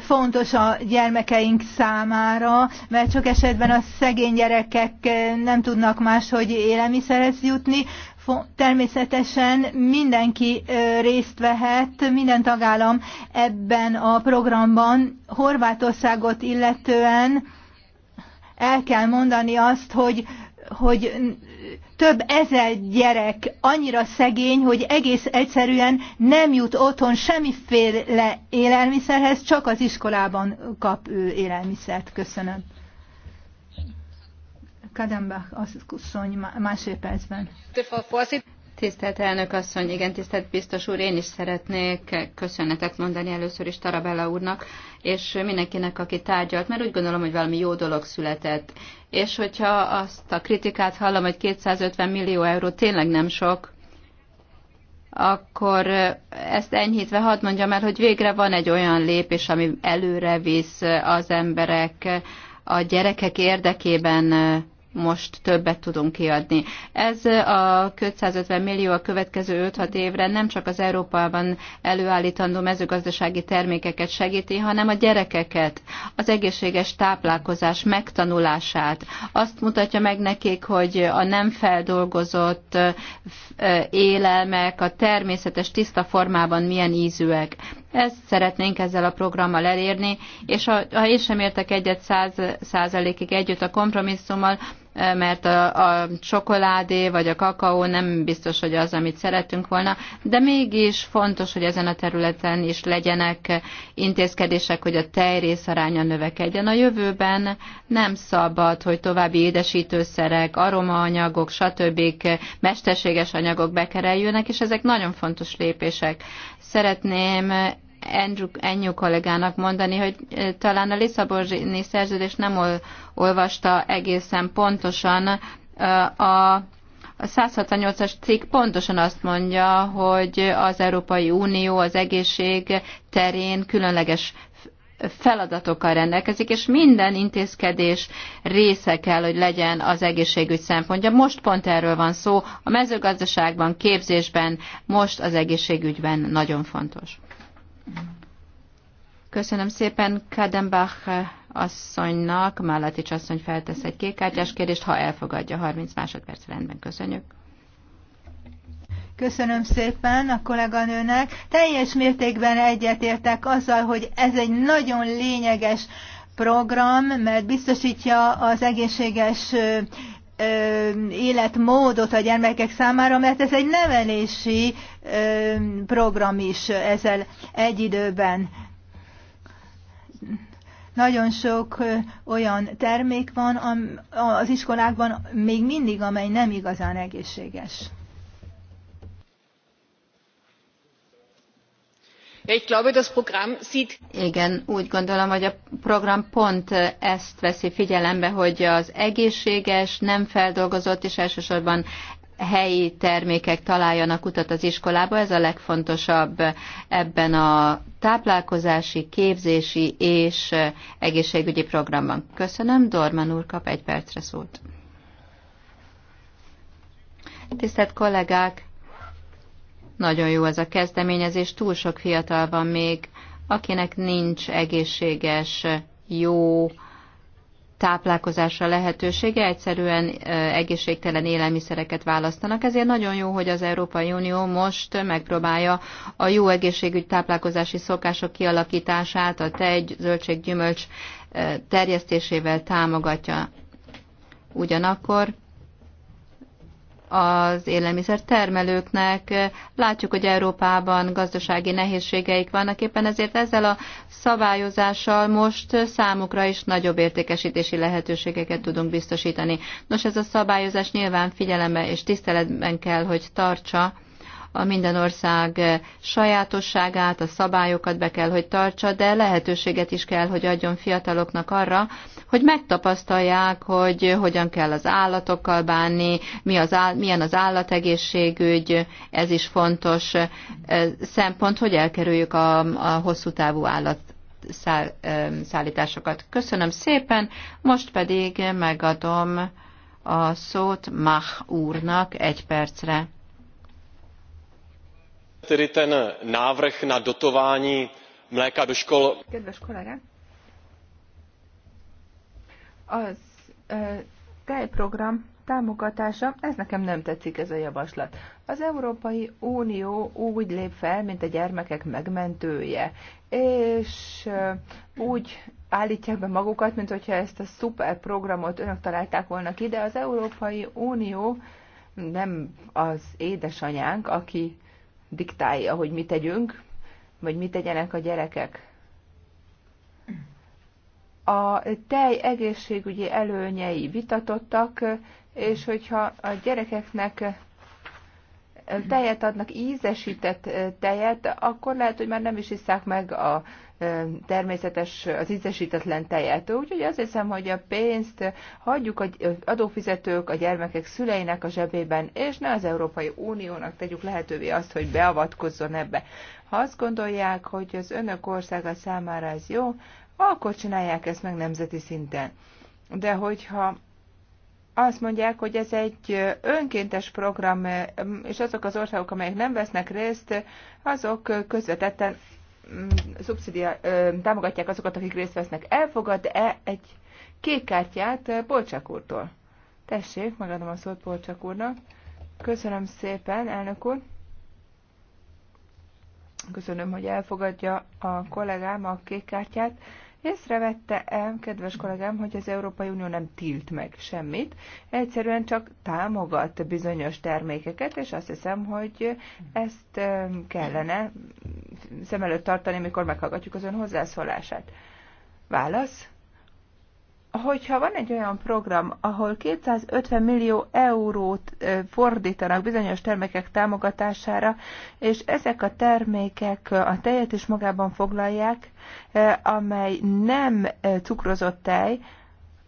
fontos a gyermekeink számára, mert csak esetben a szegény gyerekek nem tudnak máshogy élelmiszerhez jutni. Természetesen mindenki részt vehet, minden tagállam ebben a programban. Horvátországot illetően el kell mondani azt, hogy hogy több ezer gyerek annyira szegény, hogy egész egyszerűen nem jut otthon semmiféle élelmiszerhez, csak az iskolában kap ő élelmiszert. Köszönöm. Kadembach asszony másfél percben. Tisztelt elnök asszony, igen, tisztelt biztos úr, én is szeretnék köszönetet mondani először is Tarabella úrnak, és mindenkinek, aki tárgyalt, mert úgy gondolom, hogy valami jó dolog született és hogyha azt a kritikát hallom, hogy 250 millió euró tényleg nem sok, akkor ezt enyhítve hadd mondjam el, hogy végre van egy olyan lépés, ami előre visz az emberek a gyerekek érdekében most többet tudunk kiadni. Ez a 250 millió a következő 5-6 évre nem csak az Európában előállítandó mezőgazdasági termékeket segíti, hanem a gyerekeket, az egészséges táplálkozás megtanulását. Azt mutatja meg nekik, hogy a nem feldolgozott élelmek a természetes tiszta formában milyen ízűek. Ezt szeretnénk ezzel a programmal elérni, és ha, én sem értek egyet száz, százalékig együtt a kompromisszummal, mert a, a csokoládé vagy a kakaó nem biztos, hogy az, amit szeretünk volna, de mégis fontos, hogy ezen a területen is legyenek intézkedések, hogy a tejrész aránya növekedjen. A jövőben nem szabad, hogy további édesítőszerek, aromaanyagok, stb. mesterséges anyagok bekerüljönnek, és ezek nagyon fontos lépések. Szeretném Andrew, Ennyú kollégának mondani, hogy talán a Lisszaboni szerződés nem olvasta egészen pontosan a a 168-as cikk pontosan azt mondja, hogy az Európai Unió az egészség terén különleges feladatokkal rendelkezik, és minden intézkedés része kell, hogy legyen az egészségügy szempontja. Most pont erről van szó, a mezőgazdaságban, képzésben, most az egészségügyben nagyon fontos. Köszönöm szépen Kadenbach asszonynak. Málatics asszony feltesz egy kékkártyás kérdést, ha elfogadja 30 másodperc rendben. Köszönjük. Köszönöm szépen a kolléganőnek. Teljes mértékben egyetértek azzal, hogy ez egy nagyon lényeges program, mert biztosítja az egészséges életmódot a gyermekek számára, mert ez egy nevelési program is ezzel egy időben. Nagyon sok olyan termék van az iskolákban még mindig, amely nem igazán egészséges. Igen, úgy gondolom, hogy a program pont ezt veszi figyelembe, hogy az egészséges, nem feldolgozott és elsősorban helyi termékek találjanak utat az iskolába, ez a legfontosabb ebben a táplálkozási, képzési és egészségügyi programban. Köszönöm, Dorman úr kap egy percre szót. Tisztelt kollégák! Nagyon jó ez a kezdeményezés, túl sok fiatal van még, akinek nincs egészséges, jó táplálkozásra lehetősége, egyszerűen egészségtelen élelmiszereket választanak. Ezért nagyon jó, hogy az Európai Unió most megpróbálja a jó egészségügy táplálkozási szokások kialakítását a tej, zöldség, gyümölcs terjesztésével támogatja. Ugyanakkor az élelmiszer termelőknek. Látjuk, hogy Európában gazdasági nehézségeik vannak, éppen ezért ezzel a szabályozással most számukra is nagyobb értékesítési lehetőségeket tudunk biztosítani. Nos, ez a szabályozás nyilván figyelembe és tiszteletben kell, hogy tartsa a minden ország sajátosságát, a szabályokat be kell, hogy tartsa, de lehetőséget is kell, hogy adjon fiataloknak arra, hogy megtapasztalják, hogy hogyan kell az állatokkal bánni, mi az áll, milyen az állategészségügy, ez is fontos eh, szempont, hogy elkerüljük a, a hosszú távú állat szállításokat. Köszönöm szépen, most pedig megadom a szót Mach úrnak egy percre tedy ten návrh na dotování mléka do škol. Az ö, támogatása, ez nekem nem tetszik ez a javaslat. Az Európai Unió úgy lép fel, mint a gyermekek megmentője, és úgy állítják be magukat, mint hogyha ezt a szuper programot önök találták volna ki, de az Európai Unió nem az édesanyánk, aki diktálja, hogy mit tegyünk, vagy mit tegyenek a gyerekek. A tej egészségügyi előnyei vitatottak, és hogyha a gyerekeknek tejet adnak, ízesített tejet, akkor lehet, hogy már nem is iszák meg a természetes, az ízesítetlen tejet. Úgyhogy azt hiszem, hogy a pénzt hagyjuk a adófizetők, a gyermekek szüleinek a zsebében, és ne az Európai Uniónak tegyük lehetővé azt, hogy beavatkozzon ebbe. Ha azt gondolják, hogy az önök országa számára ez jó, akkor csinálják ezt meg nemzeti szinten. De hogyha azt mondják, hogy ez egy önkéntes program, és azok az országok, amelyek nem vesznek részt, azok közvetetten mm, szubszidia, támogatják azokat, akik részt vesznek. Elfogad-e egy kék kártyát Bolcsák úrtól? Tessék, megadom a szót Bolcsák úrnak. Köszönöm szépen, elnök úr. Köszönöm, hogy elfogadja a kollégám a kék kártyát. Észrevette-e, kedves kollégám, hogy az Európai Unió nem tilt meg semmit, egyszerűen csak támogat bizonyos termékeket, és azt hiszem, hogy ezt kellene szem előtt tartani, mikor meghallgatjuk az ön hozzászólását. Válasz? hogyha van egy olyan program, ahol 250 millió eurót fordítanak bizonyos termékek támogatására, és ezek a termékek a tejet is magában foglalják, amely nem cukrozott tej,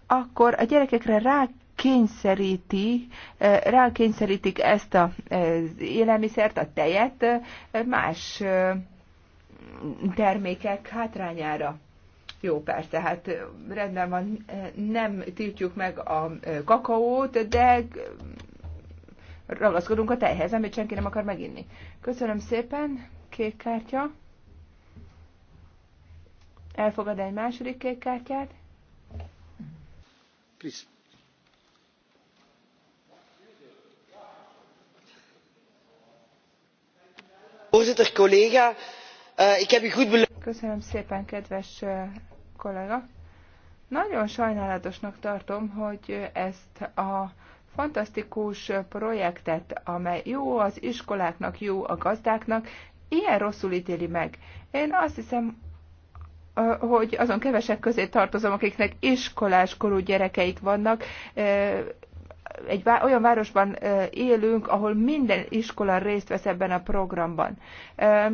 akkor a gyerekekre rá kényszeríti, rákényszerítik ezt az élelmiszert, a tejet más termékek hátrányára. Jó, persze, hát rendben van, nem tiltjuk meg a kakaót, de ragaszkodunk a tejhez, amit senki nem akar meginni. Köszönöm szépen, kék kártya. Elfogad egy második kék kártyát. Please. Eh, Köszönöm szépen, kedves eh, kollega. Nagyon sajnálatosnak tartom, hogy ezt a fantasztikus projektet, amely jó az iskoláknak, jó a gazdáknak, ilyen rosszul ítéli meg. Én azt hiszem, hogy azon kevesek közé tartozom, akiknek iskoláskorú gyerekeik vannak, egy olyan városban élünk, ahol minden iskola részt vesz ebben a programban.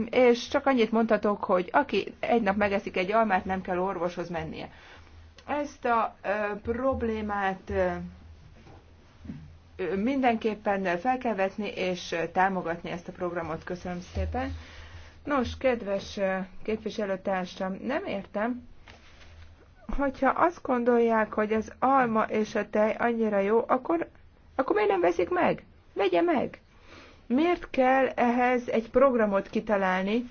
És csak annyit mondhatok, hogy aki egy nap megeszik egy almát, nem kell orvoshoz mennie. Ezt a problémát mindenképpen fel kell vetni és támogatni ezt a programot. Köszönöm szépen. Nos, kedves képviselőtársam, nem értem, hogyha azt gondolják, hogy az alma és a tej annyira jó, akkor, akkor miért nem veszik meg? Vegye meg! Miért kell ehhez egy programot kitalálni?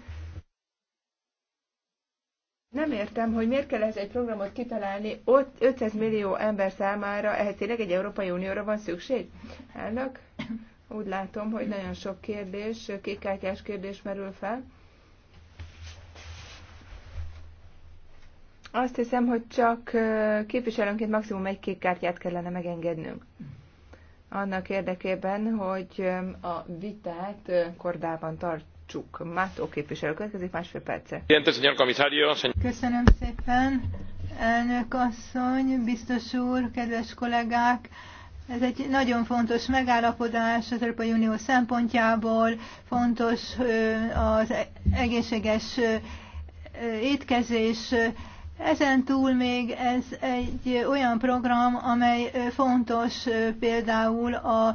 Nem értem, hogy miért kell ehhez egy programot kitalálni ott 500 millió ember számára, ehhez tényleg egy Európai Unióra van szükség? Elnök, úgy látom, hogy nagyon sok kérdés, kékkártyás kérdés merül fel. Azt hiszem, hogy csak képviselőnként maximum egy kék kártyát kellene megengednünk. Annak érdekében, hogy a vitát kordában tartsuk. Mátó képviselő következik másfél perce. Köszönöm szépen, elnök asszony, biztos úr, kedves kollégák. Ez egy nagyon fontos megállapodás az Európai Unió szempontjából, fontos az egészséges étkezés ezen túl még ez egy olyan program, amely fontos például a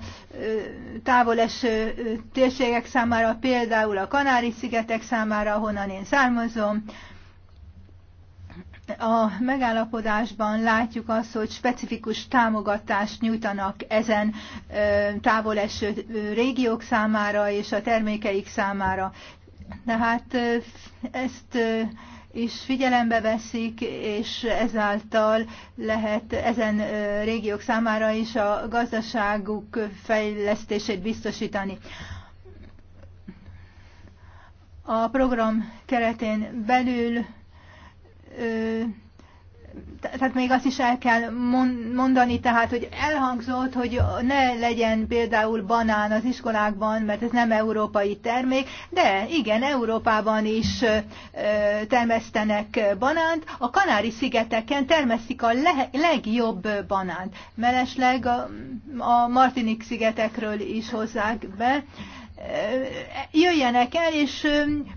távoleső térségek számára, például a Kanári-szigetek számára, honnan én származom. A megállapodásban látjuk azt, hogy specifikus támogatást nyújtanak ezen távoleső régiók számára és a termékeik számára. Tehát ezt is figyelembe veszik, és ezáltal lehet ezen régiók számára is a gazdaságuk fejlesztését biztosítani. A program keretén belül tehát még azt is el kell mondani, tehát, hogy elhangzott, hogy ne legyen például banán az iskolákban, mert ez nem európai termék, de igen, Európában is termesztenek banánt. A Kanári-szigeteken termesztik a legjobb banánt. Melesleg a, a Martinik-szigetekről is hozzák be jöjjenek el, és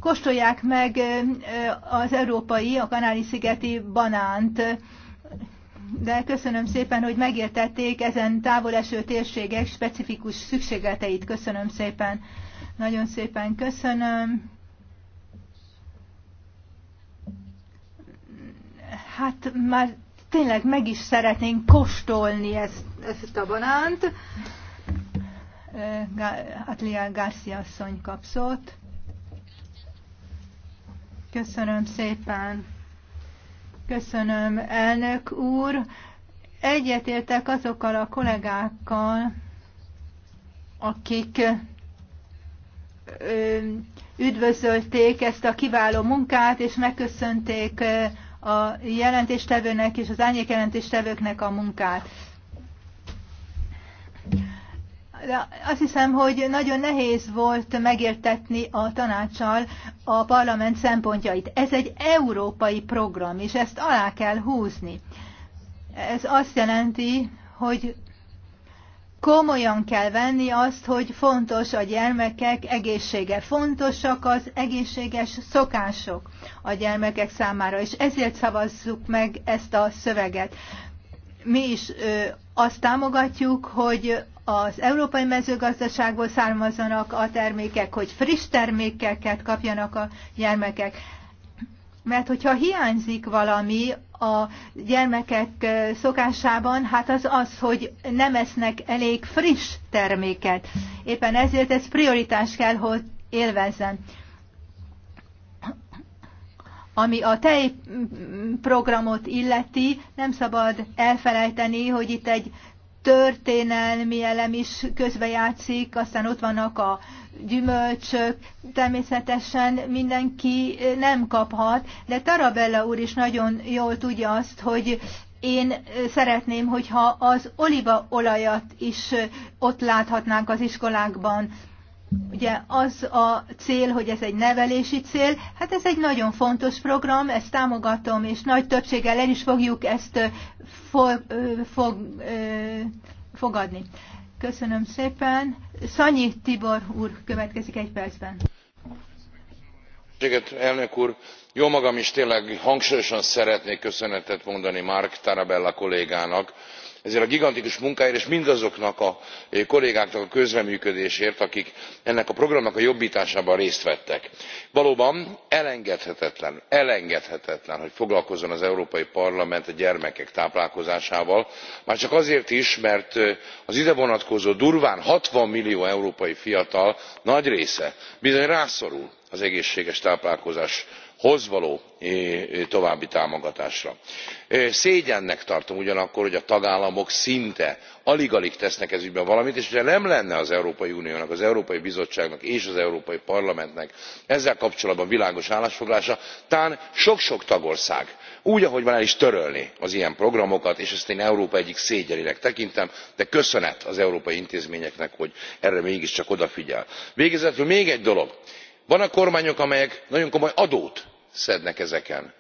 kóstolják meg az európai, a Kanári-szigeti banánt. De köszönöm szépen, hogy megértették ezen eső térségek specifikus szükségleteit. Köszönöm szépen. Nagyon szépen köszönöm. Hát már tényleg meg is szeretnénk kóstolni ezt, ezt a banánt. Atlia Garcia asszony kap szót. Köszönöm szépen. Köszönöm, elnök úr. Egyetértek azokkal a kollégákkal, akik üdvözölték ezt a kiváló munkát, és megköszönték a jelentéstevőnek és az árnyék jelentéstevőknek a munkát de azt hiszem, hogy nagyon nehéz volt megértetni a tanácsal a parlament szempontjait. Ez egy európai program, és ezt alá kell húzni. Ez azt jelenti, hogy komolyan kell venni azt, hogy fontos a gyermekek egészsége, fontosak az egészséges szokások a gyermekek számára, és ezért szavazzuk meg ezt a szöveget. Mi is ö, azt támogatjuk, hogy az európai mezőgazdaságból származanak a termékek, hogy friss termékeket kapjanak a gyermekek. Mert hogyha hiányzik valami a gyermekek szokásában, hát az az, hogy nem esznek elég friss terméket. Éppen ezért ez prioritás kell, hogy élvezzen ami a tejprogramot illeti, nem szabad elfelejteni, hogy itt egy történelmi elem is közbejátszik, aztán ott vannak a gyümölcsök, természetesen mindenki nem kaphat, de Tarabella úr is nagyon jól tudja azt, hogy én szeretném, hogyha az olívaolajat is ott láthatnánk az iskolákban. Ugye az a cél, hogy ez egy nevelési cél, hát ez egy nagyon fontos program, ezt támogatom, és nagy többséggel el is fogjuk ezt fog, fog, fogadni. Köszönöm szépen. Szanyi Tibor úr következik egy percben. Elnök úr, jó magam is tényleg hangsúlyosan szeretnék köszönetet mondani Mark Tarabella kollégának, ezért a gigantikus munkáért és mindazoknak a eh, kollégáknak a közreműködésért akik ennek a programnak a jobbtásában részt vettek. valóban elengedhetetlen elengedhetetlen hogy foglalkozzon az európai parlament a gyermekek táplálkozásával már csak azért is mert eh, az ide vonatkozó durván sixty millió európai fiatal nagy része bizony rászorul az egészséges táplálkozás hoz való további támogatásra. szégyennek tartom ugyanakkor hogy a tagállamok szinte alig alig tesznek ez ügyben valamit és hogyha nem lenne az európai uniónak az európai bizottságnak és az európai parlamentnek ezzel kapcsolatban világos állásfoglalása tán sok sok tagország úgy ahogy van el is törölné az ilyen programokat és ezt én európa egyik szégyenének tekintem de köszönet az európai intézményeknek hogy erre mégiscsak odafigyel. végezetül még egy dolog vannak kormányok amelyek nagyon komoly adót szednek ezeken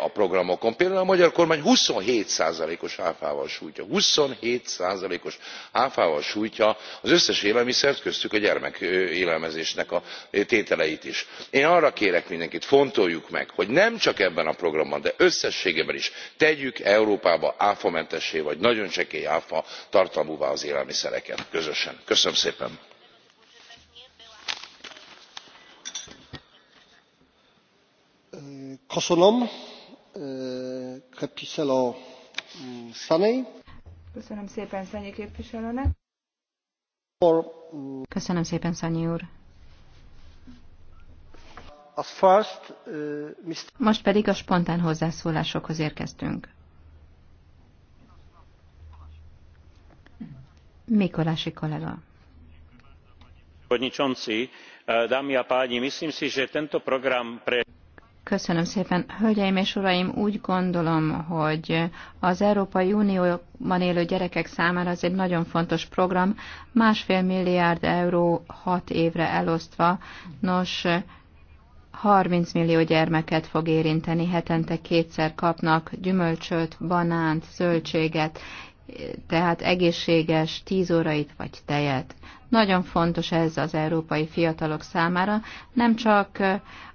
a programokon például a magyar kormány twenty seven os áfával sújtja twenty seven os áfával sújtja az összes élelmiszert köztük a gyermekélelmezésnek a tételeit is. én arra kérek mindenkit fontoljuk meg hogy nem csak ebben a programban de összességében is tegyük európában áfamentessé vagy nagyon csekély áfatartalmúvá az élelmiszereket közösen. köszönöm szépen! Eh, mm, Köszönöm szépen Szanyi képviselőnek. Mm, Köszönöm szépen Szanyi úr. Eh, Most pedig a spontán hozzászólásokhoz érkeztünk. Mikolási kollega. Eh, myslím si, že tento program pre Köszönöm szépen. Hölgyeim és uraim, úgy gondolom, hogy az Európai Unióban élő gyerekek számára az egy nagyon fontos program, másfél milliárd euró hat évre elosztva, nos, 30 millió gyermeket fog érinteni, hetente kétszer kapnak gyümölcsöt, banánt, zöldséget, tehát egészséges, tíz órait vagy tejet. Nagyon fontos ez az európai fiatalok számára. Nem csak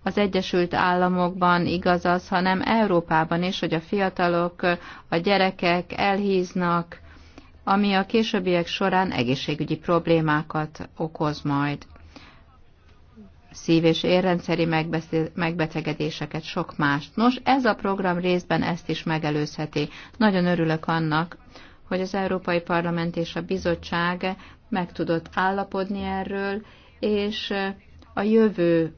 az Egyesült Államokban igaz az, hanem Európában is, hogy a fiatalok, a gyerekek elhíznak, ami a későbbiek során egészségügyi problémákat okoz majd. Szív- és érrendszeri megbetegedéseket, sok mást. Nos, ez a program részben ezt is megelőzheti. Nagyon örülök annak, hogy az Európai Parlament és a Bizottság meg tudott állapodni erről, és a jövő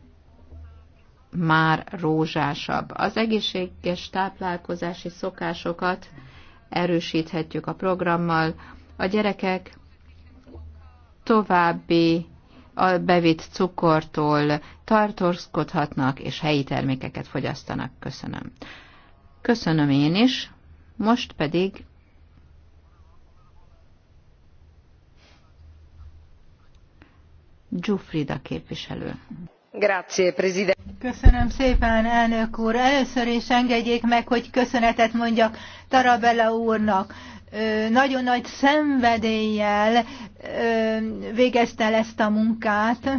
már rózsásabb. Az egészséges táplálkozási szokásokat erősíthetjük a programmal. A gyerekek további a bevitt cukortól tartózkodhatnak és helyi termékeket fogyasztanak. Köszönöm. Köszönöm én is. Most pedig Köszönöm szépen, elnök úr. Először is engedjék meg, hogy köszönetet mondjak Tarabella úrnak nagyon nagy szenvedéllyel végezte el ezt a munkát.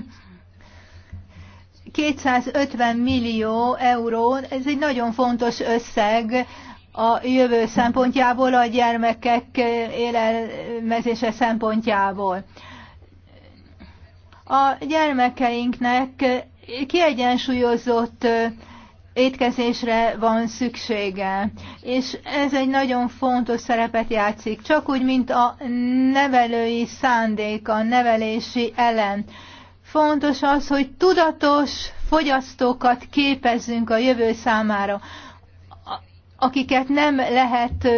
250 millió euró, ez egy nagyon fontos összeg a jövő szempontjából, a gyermekek élelmezése szempontjából a gyermekeinknek kiegyensúlyozott étkezésre van szüksége, és ez egy nagyon fontos szerepet játszik, csak úgy, mint a nevelői szándék, a nevelési elem. Fontos az, hogy tudatos fogyasztókat képezzünk a jövő számára akiket nem lehet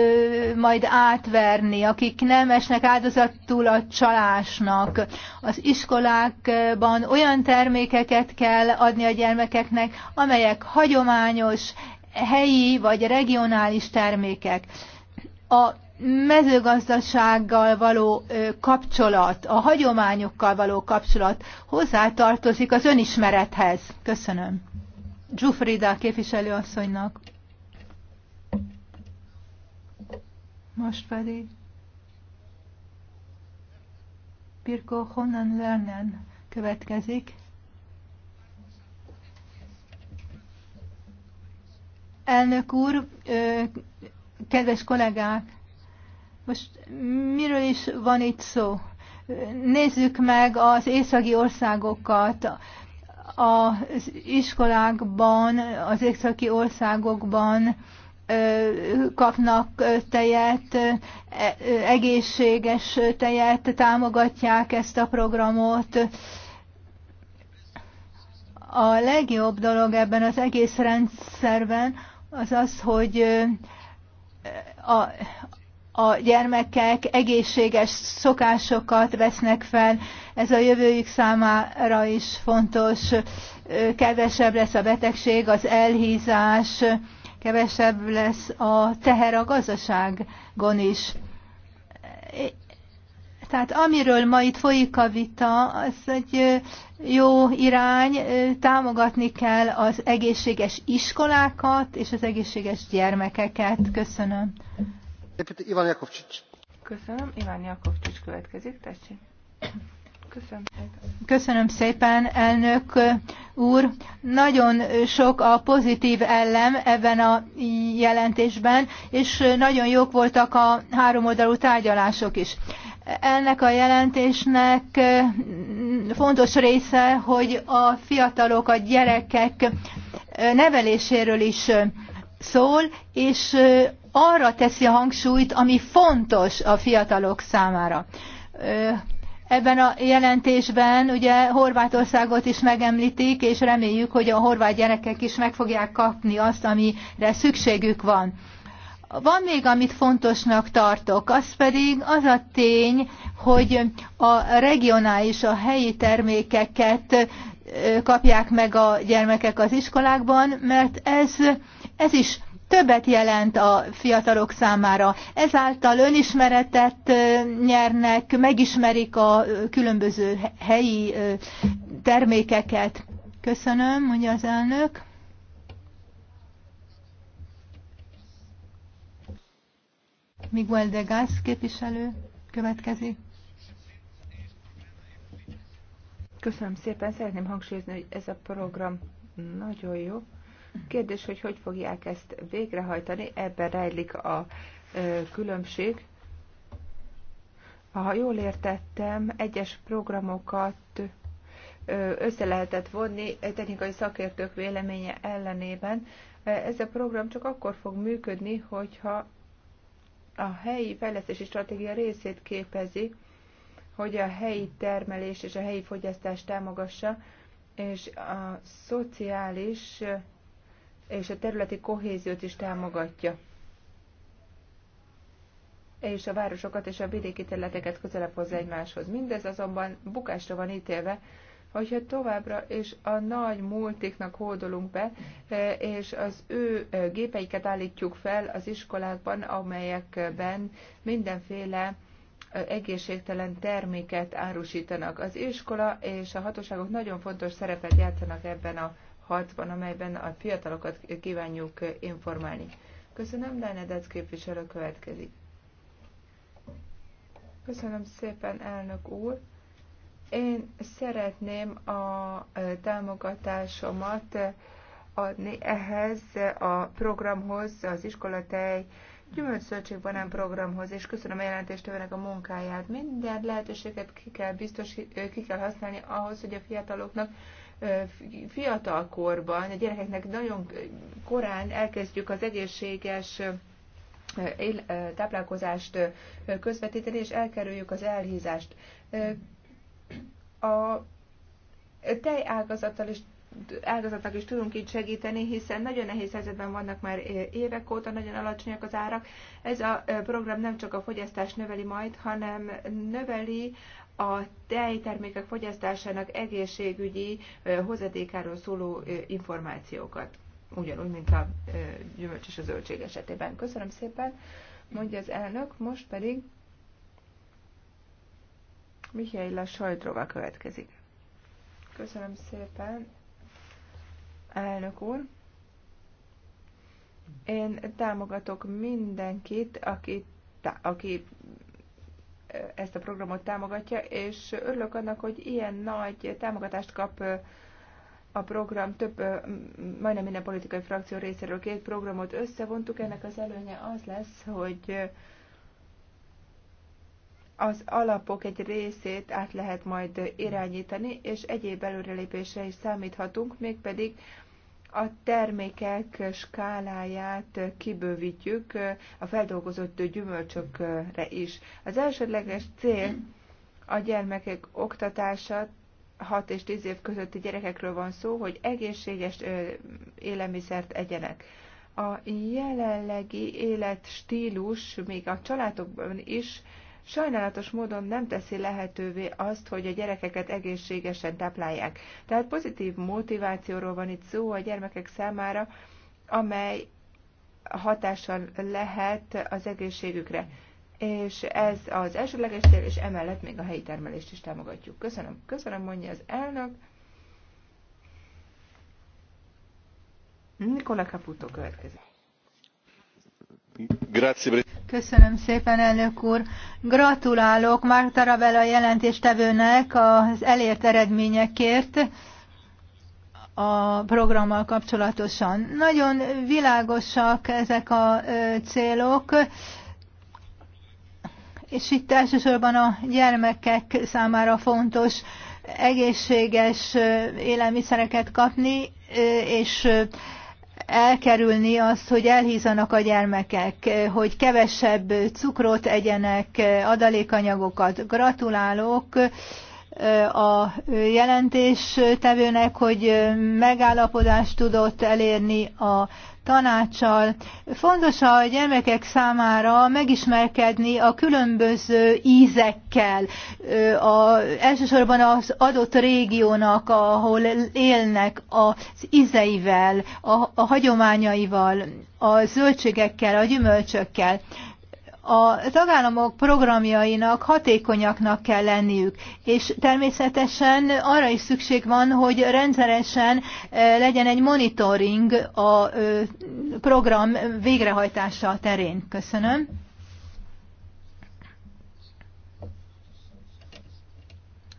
majd átverni, akik nem esnek áldozatul a csalásnak. Az iskolákban olyan termékeket kell adni a gyermekeknek, amelyek hagyományos, helyi vagy regionális termékek. A mezőgazdasággal való kapcsolat, a hagyományokkal való kapcsolat hozzátartozik az önismerethez. Köszönöm. Zsufrida képviselőasszonynak. Most pedig Pirko Honnan Lernen következik. Elnök úr, kedves kollégák, most miről is van itt szó? Nézzük meg az északi országokat. Az iskolákban, az északi országokban kapnak tejet, e, egészséges tejet, támogatják ezt a programot. A legjobb dolog ebben az egész rendszerben az az, hogy a, a gyermekek egészséges szokásokat vesznek fel, ez a jövőjük számára is fontos, kevesebb lesz a betegség, az elhízás, kevesebb lesz a teher a gazdaságon is. Tehát amiről ma itt folyik a vita, az egy jó irány, támogatni kell az egészséges iskolákat és az egészséges gyermekeket. Köszönöm. Ivan Jakovcsics. Köszönöm. Iván Jakovcsics következik, tessék. Köszönöm. szépen, elnök úr. Nagyon sok a pozitív ellem ebben a jelentésben, és nagyon jók voltak a háromoldalú tárgyalások is. Ennek a jelentésnek fontos része, hogy a fiatalok, a gyerekek neveléséről is szól, és arra teszi a hangsúlyt, ami fontos a fiatalok számára Ebben a jelentésben ugye Horvátországot is megemlítik, és reméljük, hogy a horvát gyerekek is meg fogják kapni azt, amire szükségük van. Van még, amit fontosnak tartok, az pedig az a tény, hogy a regionális, a helyi termékeket kapják meg a gyermekek az iskolákban, mert ez, ez is többet jelent a fiatalok számára. Ezáltal önismeretet nyernek, megismerik a különböző helyi termékeket. Köszönöm, mondja az elnök. Miguel de Gász képviselő következik. Köszönöm szépen, szeretném hangsúlyozni, hogy ez a program nagyon jó. Kérdés, hogy hogy fogják ezt végrehajtani, ebben rejlik a különbség. Ha jól értettem, egyes programokat össze lehetett vonni technikai szakértők véleménye ellenében. Ez a program csak akkor fog működni, hogyha a helyi fejlesztési stratégia részét képezi, hogy a helyi termelés és a helyi fogyasztást támogassa, és a szociális és a területi kohéziót is támogatja és a városokat és a vidéki területeket közelebb hozza egymáshoz. Mindez azonban bukásra van ítélve, hogyha továbbra és a nagy multiknak hódolunk be, e, és az ő e, gépeiket állítjuk fel az iskolákban, amelyekben mindenféle e, egészségtelen terméket árusítanak. Az iskola és a hatóságok nagyon fontos szerepet játszanak ebben a 6-ban, amelyben a fiatalokat kívánjuk informálni. Köszönöm, Lánedec képviselő következik. Köszönöm szépen, elnök úr. Én szeretném a támogatásomat adni ehhez a programhoz, az iskolatej gyümölcszöldségbanán programhoz, és köszönöm a jelentéstevőnek a munkáját. Minden lehetőséget ki kell, biztos, ki kell használni ahhoz, hogy a fiataloknak fiatalkorban a gyerekeknek nagyon korán elkezdjük az egészséges táplálkozást közvetíteni, és elkerüljük az elhízást. A tejágazattal is ágazatnak is tudunk így segíteni, hiszen nagyon nehéz helyzetben vannak már évek óta, nagyon alacsonyak az árak. Ez a program nem csak a fogyasztást növeli majd, hanem növeli a tejtermékek fogyasztásának egészségügyi hozadékáról szóló információkat. Ugyanúgy, mint a gyümölcs és a zöldség esetében. Köszönöm szépen, mondja az elnök, most pedig Mihály Sajdrova következik. Köszönöm szépen, elnök úr. Én támogatok mindenkit, aki, tá, aki ezt a programot támogatja, és örülök annak, hogy ilyen nagy támogatást kap a program több, majdnem minden politikai frakció részéről két programot összevontuk. Ennek az előnye az lesz, hogy az alapok egy részét át lehet majd irányítani, és egyéb előrelépésre is számíthatunk, mégpedig a termékek skáláját kibővítjük a feldolgozott gyümölcsökre is. Az elsődleges cél a gyermekek oktatása, 6 és 10 év közötti gyerekekről van szó, hogy egészséges élelmiszert egyenek. A jelenlegi életstílus még a családokban is sajnálatos módon nem teszi lehetővé azt, hogy a gyerekeket egészségesen táplálják. Tehát pozitív motivációról van itt szó a gyermekek számára, amely hatással lehet az egészségükre. És ez az elsődleges cél, és emellett még a helyi termelést is támogatjuk. Köszönöm, köszönöm, mondja az elnök. Nikola Caputo következik. Köszönöm szépen, elnök úr. Gratulálok Mark Tarabella jelentéstevőnek az elért eredményekért a programmal kapcsolatosan. Nagyon világosak ezek a célok, és itt elsősorban a gyermekek számára fontos egészséges élelmiszereket kapni, és elkerülni azt, hogy elhízanak a gyermekek, hogy kevesebb cukrot egyenek, adalékanyagokat. Gratulálok a jelentéstevőnek, hogy megállapodást tudott elérni a tanácsal. Fontos a gyermekek számára megismerkedni a különböző ízekkel, a, elsősorban az adott régiónak, ahol élnek, az ízeivel, a, a hagyományaival, a zöldségekkel, a gyümölcsökkel a tagállamok programjainak hatékonyaknak kell lenniük, és természetesen arra is szükség van, hogy rendszeresen eh, legyen egy monitoring a program végrehajtása terén. Köszönöm.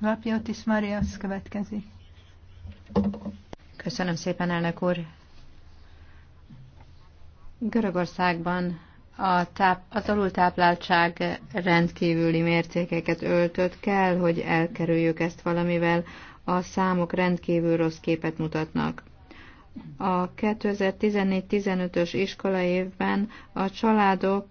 Lapiotis Marias következik. Köszönöm szépen, elnök úr. Görögországban a táp, az alultápláltság rendkívüli mértékeket öltött, kell, hogy elkerüljük ezt valamivel, a számok rendkívül rossz képet mutatnak. A 2014-15-ös iskola évben a családok,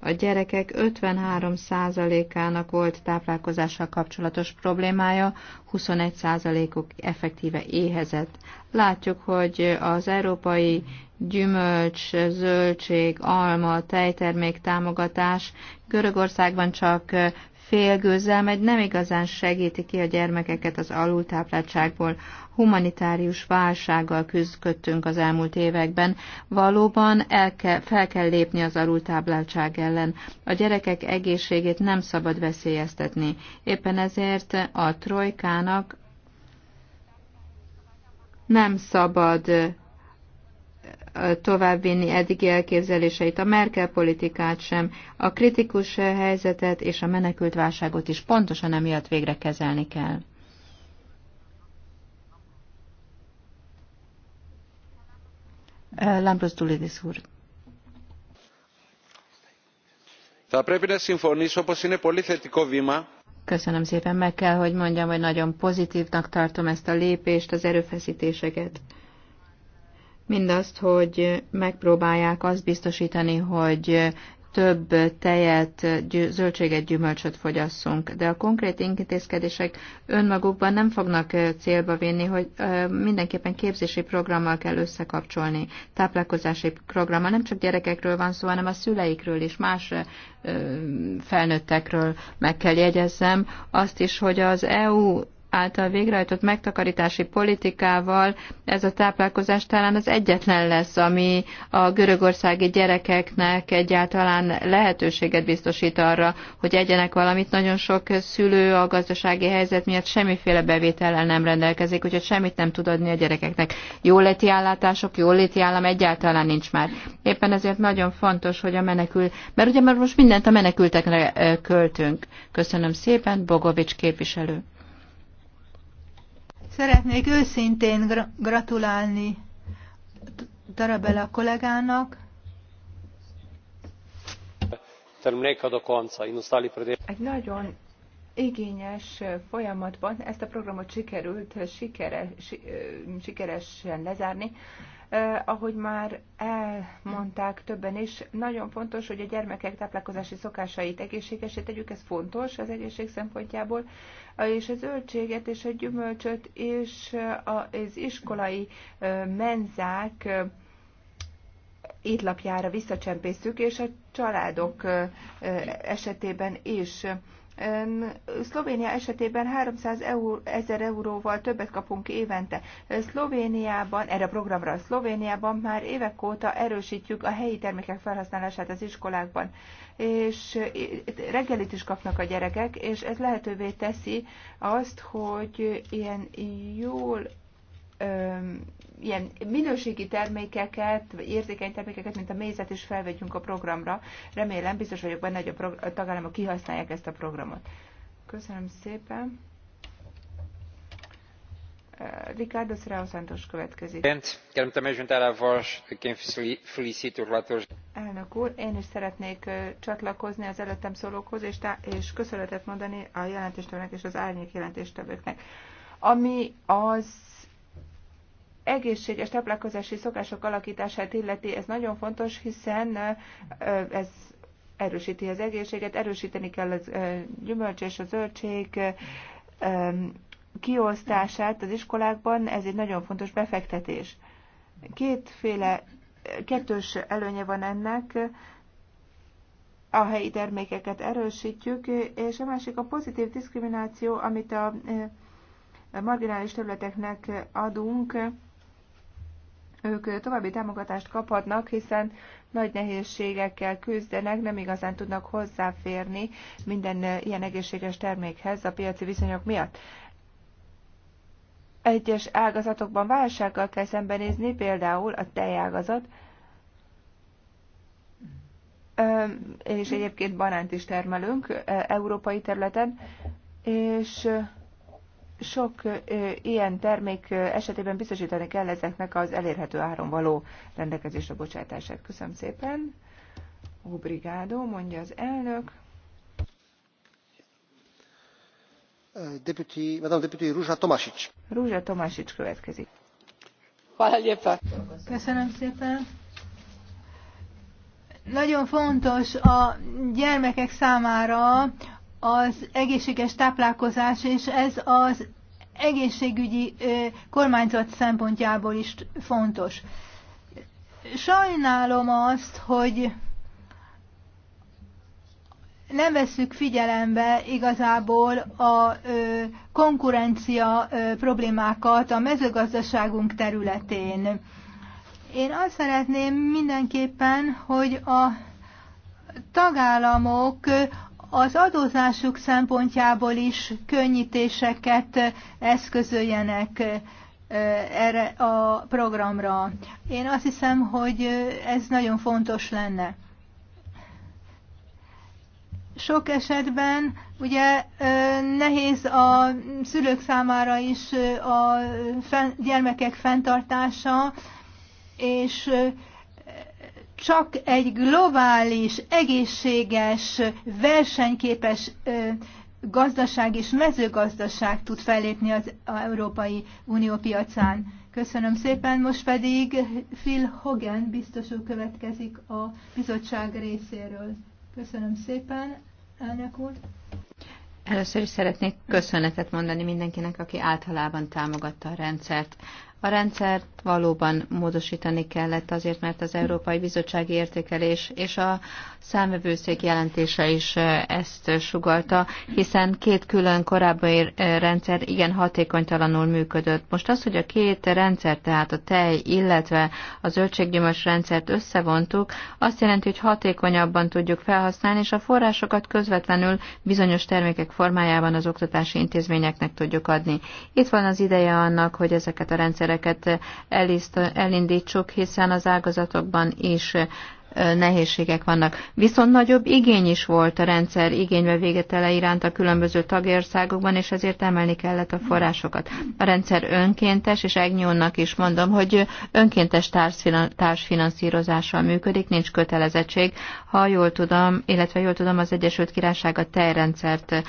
a gyerekek 53%-ának volt táplálkozással kapcsolatos problémája, 21%-uk effektíve éhezett. Látjuk, hogy az európai gyümölcs, zöldség, alma, tejtermék támogatás Görögországban csak félgőzzel megy, nem igazán segíti ki a gyermekeket az alultápláltságból. Humanitárius válsággal küzdködtünk az elmúlt években. Valóban el kell, fel kell lépni az alultápláltság ellen. A gyerekek egészségét nem szabad veszélyeztetni. Éppen ezért a trojkának nem szabad továbbvinni eddigi elképzeléseit, a Merkel politikát sem, a kritikus helyzetet és a menekült válságot is pontosan emiatt végre kezelni kell. Lambros Dulidis úr. Θα πρέπει να συμφωνήσω πως είναι πολύ θετικό βήμα Köszönöm szépen, meg kell, hogy mondjam, hogy nagyon pozitívnak tartom ezt a lépést, az erőfeszítéseket. Mindazt, hogy megpróbálják azt biztosítani, hogy több tejet, zöldséget, gyümölcsöt fogyasszunk. De a konkrét intézkedések önmagukban nem fognak célba vinni, hogy mindenképpen képzési programmal kell összekapcsolni, táplálkozási programmal. Nem csak gyerekekről van szó, hanem a szüleikről is, más felnőttekről meg kell jegyezzem. Azt is, hogy az EU által végrehajtott megtakarítási politikával ez a táplálkozás talán az egyetlen lesz, ami a görögországi gyerekeknek egyáltalán lehetőséget biztosít arra, hogy egyenek valamit. Nagyon sok szülő a gazdasági helyzet miatt semmiféle bevétellel nem rendelkezik, úgyhogy semmit nem tud adni a gyerekeknek. Jóléti állátások, jóléti állam egyáltalán nincs már. Éppen ezért nagyon fontos, hogy a menekül, mert ugye már most mindent a menekültekre költünk. Köszönöm szépen, Bogovics képviselő. Szeretnék őszintén gra gratulálni Tarabella kollégának. Egy nagyon igényes folyamatban ezt a programot sikerült sikere, sikeresen lezárni ahogy már elmondták többen is, nagyon fontos, hogy a gyermekek táplálkozási szokásait egészségesé tegyük, ez fontos az egészség szempontjából, és a zöldséget és a gyümölcsöt és az iskolai menzák étlapjára visszacsempészük, és a családok esetében is Szlovénia esetében 300 eur, ezer euróval többet kapunk évente. Szlovéniában, erre a programra Szlovéniában már évek óta erősítjük a helyi termékek felhasználását az iskolákban. És reggelit is kapnak a gyerekek, és ez lehetővé teszi azt, hogy ilyen jól ilyen minőségi termékeket, vagy érzékeny termékeket, mint a mézet is felvegyünk a programra. Remélem, biztos vagyok benne, hogy a, a tagállamok kihasználják ezt a programot. Köszönöm szépen. Ricardo Serrao Santos következik. Elnök úr, én is szeretnék csatlakozni az előttem szólókhoz, és, és köszönetet mondani a jelentéstevőnek és az árnyék jelentéstevőknek. Ami az egészséges táplálkozási szokások alakítását illeti, ez nagyon fontos, hiszen ez erősíti az egészséget, erősíteni kell a gyümölcs és a zöldség kiosztását az iskolákban, ez egy nagyon fontos befektetés. Kétféle, kettős előnye van ennek, a helyi termékeket erősítjük, és a másik a pozitív diszkrimináció, amit a marginális területeknek adunk, ők további támogatást kaphatnak, hiszen nagy nehézségekkel küzdenek, nem igazán tudnak hozzáférni minden eh, ilyen egészséges termékhez a piaci viszonyok miatt. Egyes ágazatokban válsággal kell szembenézni, például a tejágazat, és egyébként banánt is termelünk eh, európai területen, és eh, sok ilyen termék esetében biztosítani kell ezeknek az elérhető áron való rendelkezésre bocsátását. Köszönöm szépen. Obrigado, mondja az elnök. Deputy, Madame Deputy Ruzsa Tomásics. Ruzsa Tomásics következik. Köszönöm szépen. Nagyon fontos a gyermekek számára az egészséges táplálkozás, és ez az egészségügyi kormányzat szempontjából is fontos. Sajnálom azt, hogy nem veszük figyelembe igazából a ö, konkurencia ö, problémákat a mezőgazdaságunk területén. Én azt szeretném mindenképpen, hogy a tagállamok az adózásuk szempontjából is könnyítéseket eszközöljenek erre a programra. Én azt hiszem, hogy ez nagyon fontos lenne. Sok esetben ugye nehéz a szülők számára is a gyermekek fenntartása, és csak egy globális, egészséges, versenyképes gazdaság és mezőgazdaság tud fellépni az Európai Unió piacán. Köszönöm szépen, most pedig Phil Hogan biztos úr következik a bizottság részéről. Köszönöm szépen, elnök úr. Először is szeretnék köszönetet mondani mindenkinek, aki általában támogatta a rendszert. A rendszert valóban módosítani kellett azért, mert az Európai Bizottsági Értékelés és a számvevőszék jelentése is ezt sugalta, hiszen két külön korábbi rendszer igen hatékonytalanul működött. Most az, hogy a két rendszer, tehát a tej, illetve a zöldséggyümölcs rendszert összevontuk, azt jelenti, hogy hatékonyabban tudjuk felhasználni, és a forrásokat közvetlenül bizonyos termékek formájában az oktatási intézményeknek tudjuk adni. Itt van az ideje annak, hogy ezeket a rendszereket eszmecsereket elindítsuk, hiszen az ágazatokban is nehézségek vannak. Viszont nagyobb igény is volt a rendszer igénybe végetele iránt a különböző tagországokban, és ezért emelni kellett a forrásokat. A rendszer önkéntes, és Egnyónnak is mondom, hogy önkéntes társfinanszírozással működik, nincs kötelezettség. Ha jól tudom, illetve jól tudom, az Egyesült Királyság a tejrendszert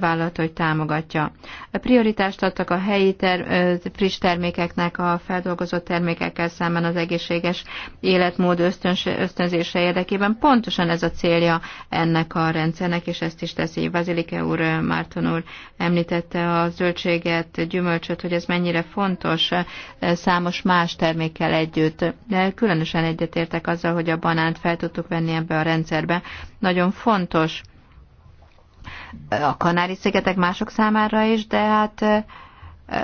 vállalt, hogy támogatja. A prioritást adtak a helyi ter- friss termékeknek a feldolgozott termékekkel szemben az egészséges életmód ösztönse ösztönzése érdekében. Pontosan ez a célja ennek a rendszernek, és ezt is teszi. Vazilike úr, Márton úr említette a zöldséget, gyümölcsöt, hogy ez mennyire fontos eh, számos más termékkel együtt. De különösen egyetértek azzal, hogy a banánt fel tudtuk venni ebbe a rendszerbe. Nagyon fontos a Kanári-szigetek mások számára is, de hát eh,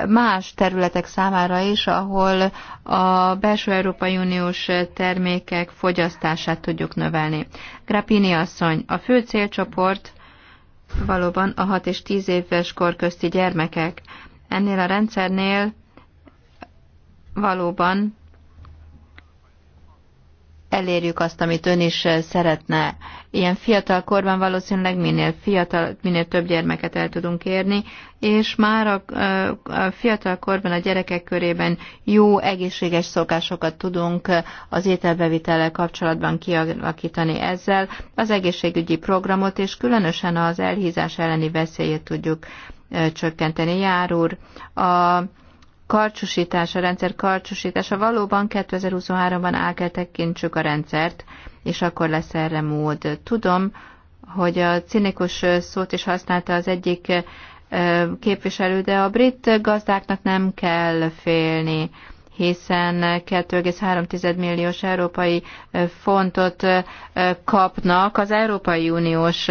más területek számára is, ahol a belső Európai Uniós termékek fogyasztását tudjuk növelni. Grappini asszony, a fő célcsoport valóban a 6 és 10 éves kor közti gyermekek. Ennél a rendszernél valóban elérjük azt, amit ön is eh, szeretne. Ilyen fiatal korban valószínűleg minél, fiatal, minél több gyermeket el tudunk érni, és már a, eh, a fiatal korban a gyerekek körében jó, egészséges szokásokat tudunk eh, az ételbevitellel kapcsolatban kialakítani ezzel. Az egészségügyi programot és különösen az elhízás elleni veszélyét tudjuk csökkenteni. Jár úr, a karcsúsítása, rendszer karcsúsítása. Valóban 2023-ban el kell tekintsük a rendszert, és akkor lesz erre mód. Tudom, hogy a cinikus szót is használta az egyik képviselő, de a brit gazdáknak nem kell félni hiszen 2,3 milliós európai fontot kapnak az Európai Uniós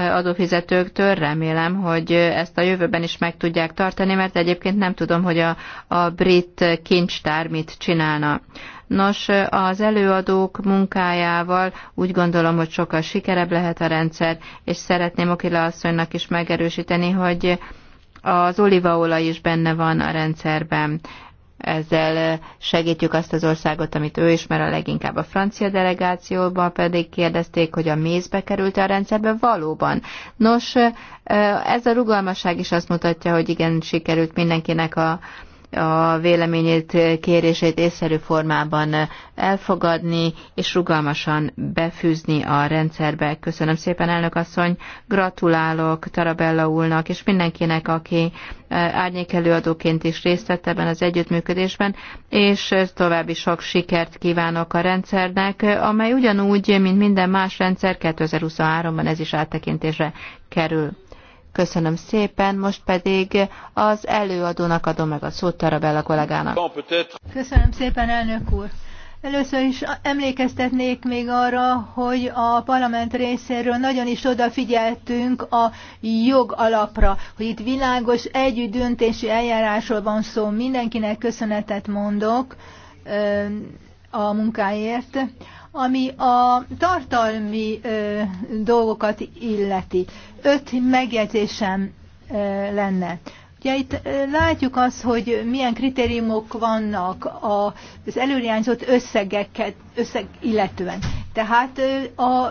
adófizetőktől. Remélem, hogy ezt a jövőben is meg tudják tartani, mert egyébként nem tudom, hogy a, a brit kincstár mit csinálna. Nos, az előadók munkájával úgy gondolom, hogy sokkal sikerebb lehet a rendszer, és szeretném Okila asszonynak is megerősíteni, hogy az olívaolaj is benne van a rendszerben ezzel eh, segítjük azt az országot, amit ő ismer a leginkább a francia delegációban, pedig kérdezték, hogy a mézbe került a rendszerbe valóban. Nos, eh, ez a rugalmasság is azt mutatja, hogy igen, sikerült mindenkinek a, a véleményét, kérését észszerű formában elfogadni, és rugalmasan befűzni a rendszerbe. Köszönöm szépen, elnök asszony, gratulálok Tarabella úrnak, és mindenkinek, aki e, árnyékelőadóként is részt vett ebben az együttműködésben, és további sok sikert kívánok a rendszernek, amely ugyanúgy, mint minden más rendszer, 2023-ban ez is áttekintésre kerül. Köszönöm szépen, most pedig az előadónak adom meg a szót Tarabella kollégának. Köszönöm szépen, elnök úr. Először is emlékeztetnék még arra, hogy a parlament részéről nagyon is odafigyeltünk a jogalapra, hogy itt világos együtt döntési eljárásról van szó. Mindenkinek köszönetet mondok a munkáért. Ami a tartalmi ö, dolgokat illeti, öt megjegyzésem ö, lenne. Ugye itt látjuk azt, hogy milyen kritériumok vannak az előirányzott összegeket összeg illetően. Tehát a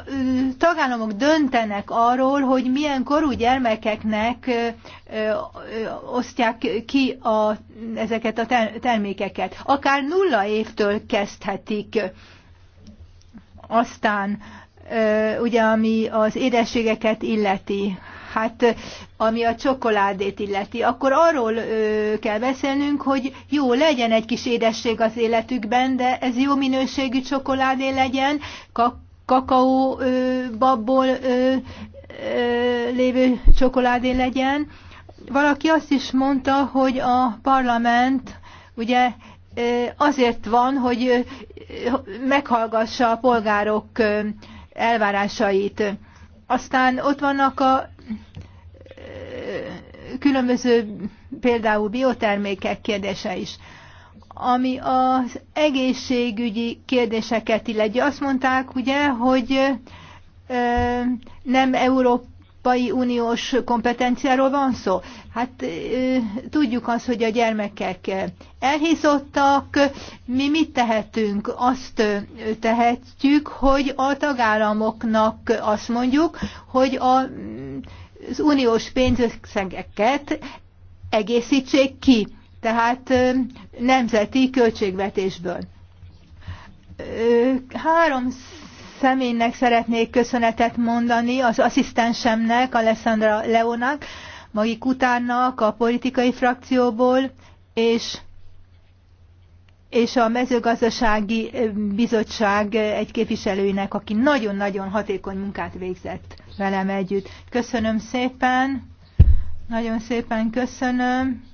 tagállamok döntenek arról, hogy milyen korú gyermekeknek osztják ki a, ezeket a termékeket. Akár nulla évtől kezdhetik aztán ugye ami az édességeket illeti, hát ami a csokoládét illeti, akkor arról ö, kell beszélnünk, hogy jó, legyen egy kis édesség az életükben, de ez jó minőségű csokoládé legyen, kak kakaó ö, babból ö, ö, lévő csokoládé legyen. Valaki azt is mondta, hogy a parlament ugye azért van, hogy meghallgassa a polgárok elvárásait. Aztán ott vannak a különböző például biotermékek kérdése is. Ami az egészségügyi kérdéseket illeti, azt mondták ugye, hogy nem Európa Európai Uniós kompetenciáról van szó? Hát tudjuk azt, hogy a gyermekek elhízottak, mi mit tehetünk? Azt tehetjük, hogy a tagállamoknak azt mondjuk, hogy a, az uniós pénzösszegeket egészítsék ki, tehát nemzeti költségvetésből. 300 személynek szeretnék köszönetet mondani, az asszisztensemnek, Alessandra Leonak, Magi Kutánnak a politikai frakcióból, és és a mezőgazdasági bizottság egy képviselőinek, aki nagyon-nagyon hatékony munkát végzett velem együtt. Köszönöm szépen, nagyon szépen köszönöm.